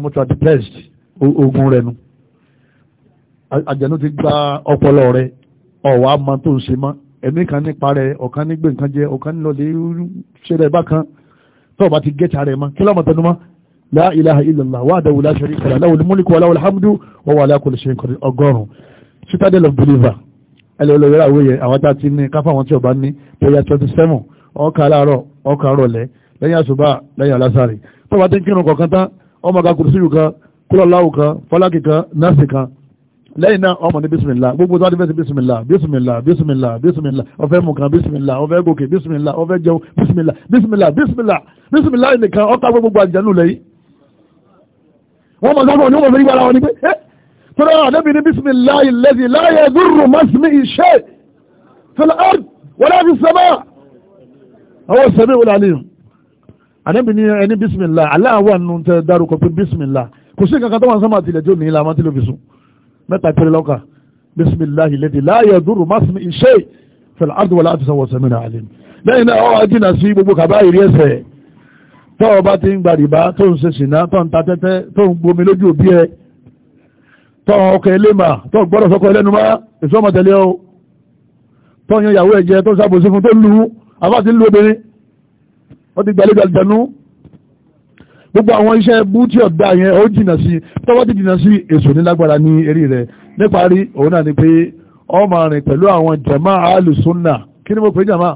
mo tọ́ depressed ogun rẹ̀ nu àjẹnú ti gba ọpọlọ rẹ ọ̀wà mọ tó ń ṣe mọ́ ẹ̀mí kan nípa rẹ ọ̀kan ní gbé nǹkan jẹ ọ̀kan ní lọ́lẹ̀ bákan tó bá ti gẹ́ta rẹ mọ́ kí lọ́mọ tẹnu mọ́ la ilaha illallah wahdahu la sharika lahu lahul mulku wa lahul hamdu wa huwa ala kulli shay'in qadir ọgọ́rùn-ún citadel of believer ẹlẹ́wẹ̀lẹ́wẹ̀rẹ́ àwòyẹ àwọn tá a ti ní káfà àwọn tí ọba ní bóyá twenty seven ọkà aláàárọ̀ ọkà rọ̀lẹ́ lẹ́yìn àṣùbà lẹ́yìn alásàrè tó bá ti kírun kọ̀ọ̀kan tán ọmọ kan kùrùsíyù kan kúlọ̀láwù kan fọlákì kan nọ́ọ̀sì kan lẹ́yìn náà ọmọ ní bísímìlá gbogbo tó wá ti fẹ́ sí bísímìlá bísímìlá bísímìlá bísímìlá ọ̀fẹ́ mu kan bísímìlá ọ̀fẹ́ gòkè bísímìlá ọ̀fẹ́ jẹun bísímìlá bísímìlá bísímìlá bísímìlá nìkan ọ̀tá gbogbo àjẹnú lẹ́yìn. wọ́n mọ̀ sọ́kọ̀ ní wọ́n fẹ́ yíwára wọn ni pé ẹ́ eh, tọ́lá àdébí ní bísímìlá ìlẹ́sì láyé dúró mọ́símì ìṣe fẹlẹ́ ọ́d wọlé fi sẹ́mà àwọn sẹ́mi wọlé àlẹ́ àdébí ní ẹni bísímìlá aláwọ̀ nù tẹ dárúkọ pé bísímìlá kò sí kankan tó wọn sọ́mà tilẹ̀ tó ní ilà àmọ́ tí ló fi sùn mẹ́ta péré lọ́kà bisimilahi lẹ́dí láàyè dúró másìmí iṣẹ́ fẹ̀lẹ̀ àdúwọ̀lá àti sọ̀wọ̀ sẹ́mìnà àlè lẹ́yìn náà ọ̀ jìnà sí gbogbo kàbá ìrí ẹsẹ̀ tọ́ ọba ti ń gbàdìbá tó ń ṣe ṣìnà tó ń ta tẹ́tẹ́ tó ń gbomi lójú òbí ẹ tọ́ ọkọ̀ ẹlẹ́mà tọ́ gbọ́dọ̀ sọ́kọ̀ ẹlẹ́nu má èso ọmọ tẹ̀lé ọ gbogbo àwọn iṣẹ́ bú tí ọ̀dá yẹn ó jìnà sí tọ́wọ́ ti jìnà sí èso nílágbára ní eré rẹ̀ níparí òun náà ni pé ọmọ rìn pẹ̀lú àwọn jama alùsùnà kí ni mo pè jama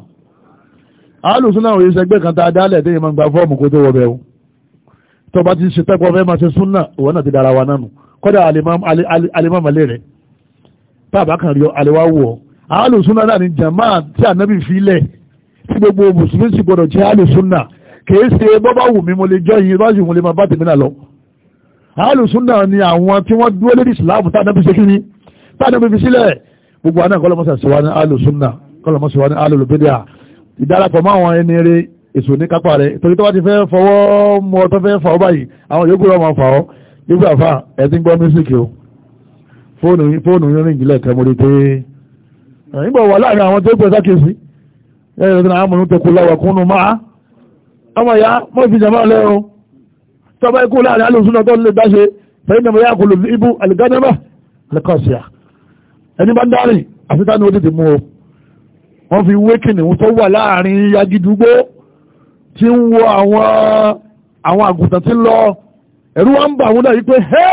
alùsùnà òye sẹgbẹ́ kan tá a dálẹ̀ déyìn máa gba fọ́ọ̀mù kó tó wọ bẹ́ẹ̀ o tó bá ti ṣe tẹ́kọ̀ọ́ fẹ́ máa ṣe súnà òun náà ti dára wa nánu kọ́dà alimọ́mọlé rẹ̀ tá a bá kàn rí àlewá wò alùsùnà náà ni jama tí ànábì fi lẹ̀ tí gbogbo mùsùlùmí sì gbọdọ̀ jẹ́ alùsùnà kìí ṣe bọ́bá wù mí mo lè jọ yìí bá sì lè máa bá tèmi náà lọ alùsùn náà ni àwọn tí wọ́n dúró lórí ìsìláàmù tánà ṣe kí ni tánà fi fi sílẹ̀ gbogbo àná kọlọmọsà sí wa ní alùsùn náà kọlọmọsà wa ní alùlùbídíà ìdárapọ̀ mọ́ àwọn ẹni eré èso ní kápá rẹ̀ torí tó bá ti fẹ́ fọwọ́ mú ọ tó fẹ́ fà ọ́ báyìí àwọn yòókù rẹ̀ máa fà ọ́ yókù àfà ẹ̀ ti ń gbọ́ mísíkì o fóònù fóònù rìn jìnlẹ̀ kan mo pé ìgbọ̀ wà láàrin àwọn tó gbẹ sákèsí ẹ̀rọ tó náà amúnú kó lọ́wọ́ kúnnú máa ọmọ ìyá mọ́ ìfi jàmá lẹ́ o tọba ikú láàrin alùsùn náà tó lè dáṣe fẹ́yìn nàmọ́ yàkó lò ibú alìgádẹ́bà alìkọ́síà ẹni bá ń dárìn àfitánú odidi mú o wọ́n fi wé kìnìún tó wà láàrin yagidúgbó tí ń wo àwọn àgùntàn tí ń lọ ẹ̀rú wa ń bà wọ́n dà yí pé hẹ́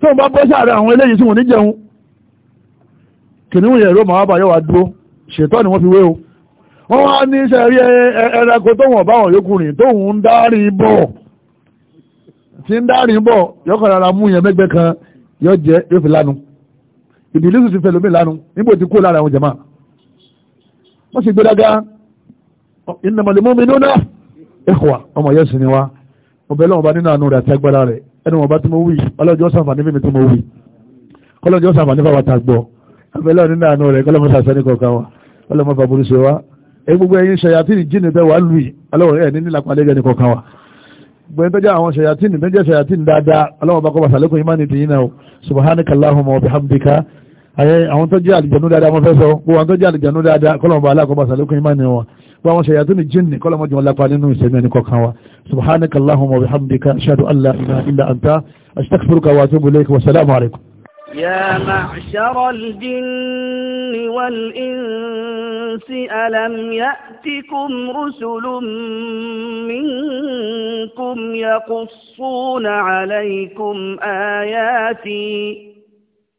tó ń bá bọ́ sáàrin àwọn eléyìí tí wọ́n ní jẹun kìnìún yẹn ẹ̀rọ màá bá wá dúró ṣètọ́ ni wọ́n fi wé o wọ́n wá ní sẹ́rí ẹranko tó wọ̀n báwọn yókùnrin tó ń dárí bọ̀ tí ń dárí bọ̀ yọkàn rárá mú yẹn mẹ́gbẹ́ kan yọ jẹ́ yóò fi lánu ìdílé sì ti fẹ́ lómi lánu níbo ti kú lára àwọn jàmáà wọ́n sì gbéraga innamal mu'minuna ikhwa ọmọ yẹn sì ni wá ọbẹ̀ lọ́wọ́ bá nínú àánú rẹ̀ àti agbára rẹ̀ ẹni wọn bá tí mo wí ọlọ́jọ́ sàǹfààní fèmí tí mo wí kọ́lọ́jọ́ sàǹfààní fáwọn àtàgbọ́ ọbẹ̀ lọ́wọ́ nínú àánú rẹ̀ kọ́lọ́mọ́sàsẹ́ ní kọ̀ọ̀kan wa kọ́lọ́mọ́fà burúkú wa ẹ gbogbo ẹ̀yin ṣayatini jíni bẹ́ẹ̀ wà lù yìí aláwọ̀ ẹ̀ ní nílàpá lẹ́gẹ̀ẹ́ ní kọ̀ọ̀kan wa gbẹ̀yìn tó jẹ́ àwọn ṣayatini tó jẹ́ ṣayatini dáadáa aláwọ̀ bá kọ́ bàtà lẹ́kùn imani tìyín náà subhanaka allahumma wa bihamdika ayé àwọn tó jẹ́ àlìjẹ̀nú dáadáa wọ́n fẹ́ sọ gbogbo àwọn tó jẹ́ àlìjẹ̀nú dáadáa kọ́lọ̀mọ̀ bá aláàkọ́ bàtà lẹ́kùn imani wọn àwọn ṣayatini jíni kọ́lọ̀mọ̀ jùmọ̀ lápá nínú ìṣẹ́mi ẹni kọ̀ọ̀kan wa subhanaka allahumma wa bihamdika ashhadu an la ilaha illa anta astaghfiruka wa atubu ilayk wa salaamu alaykum يا معشر الجن والإنس ألم يأتكم رسل منكم يقصون عليكم آياتي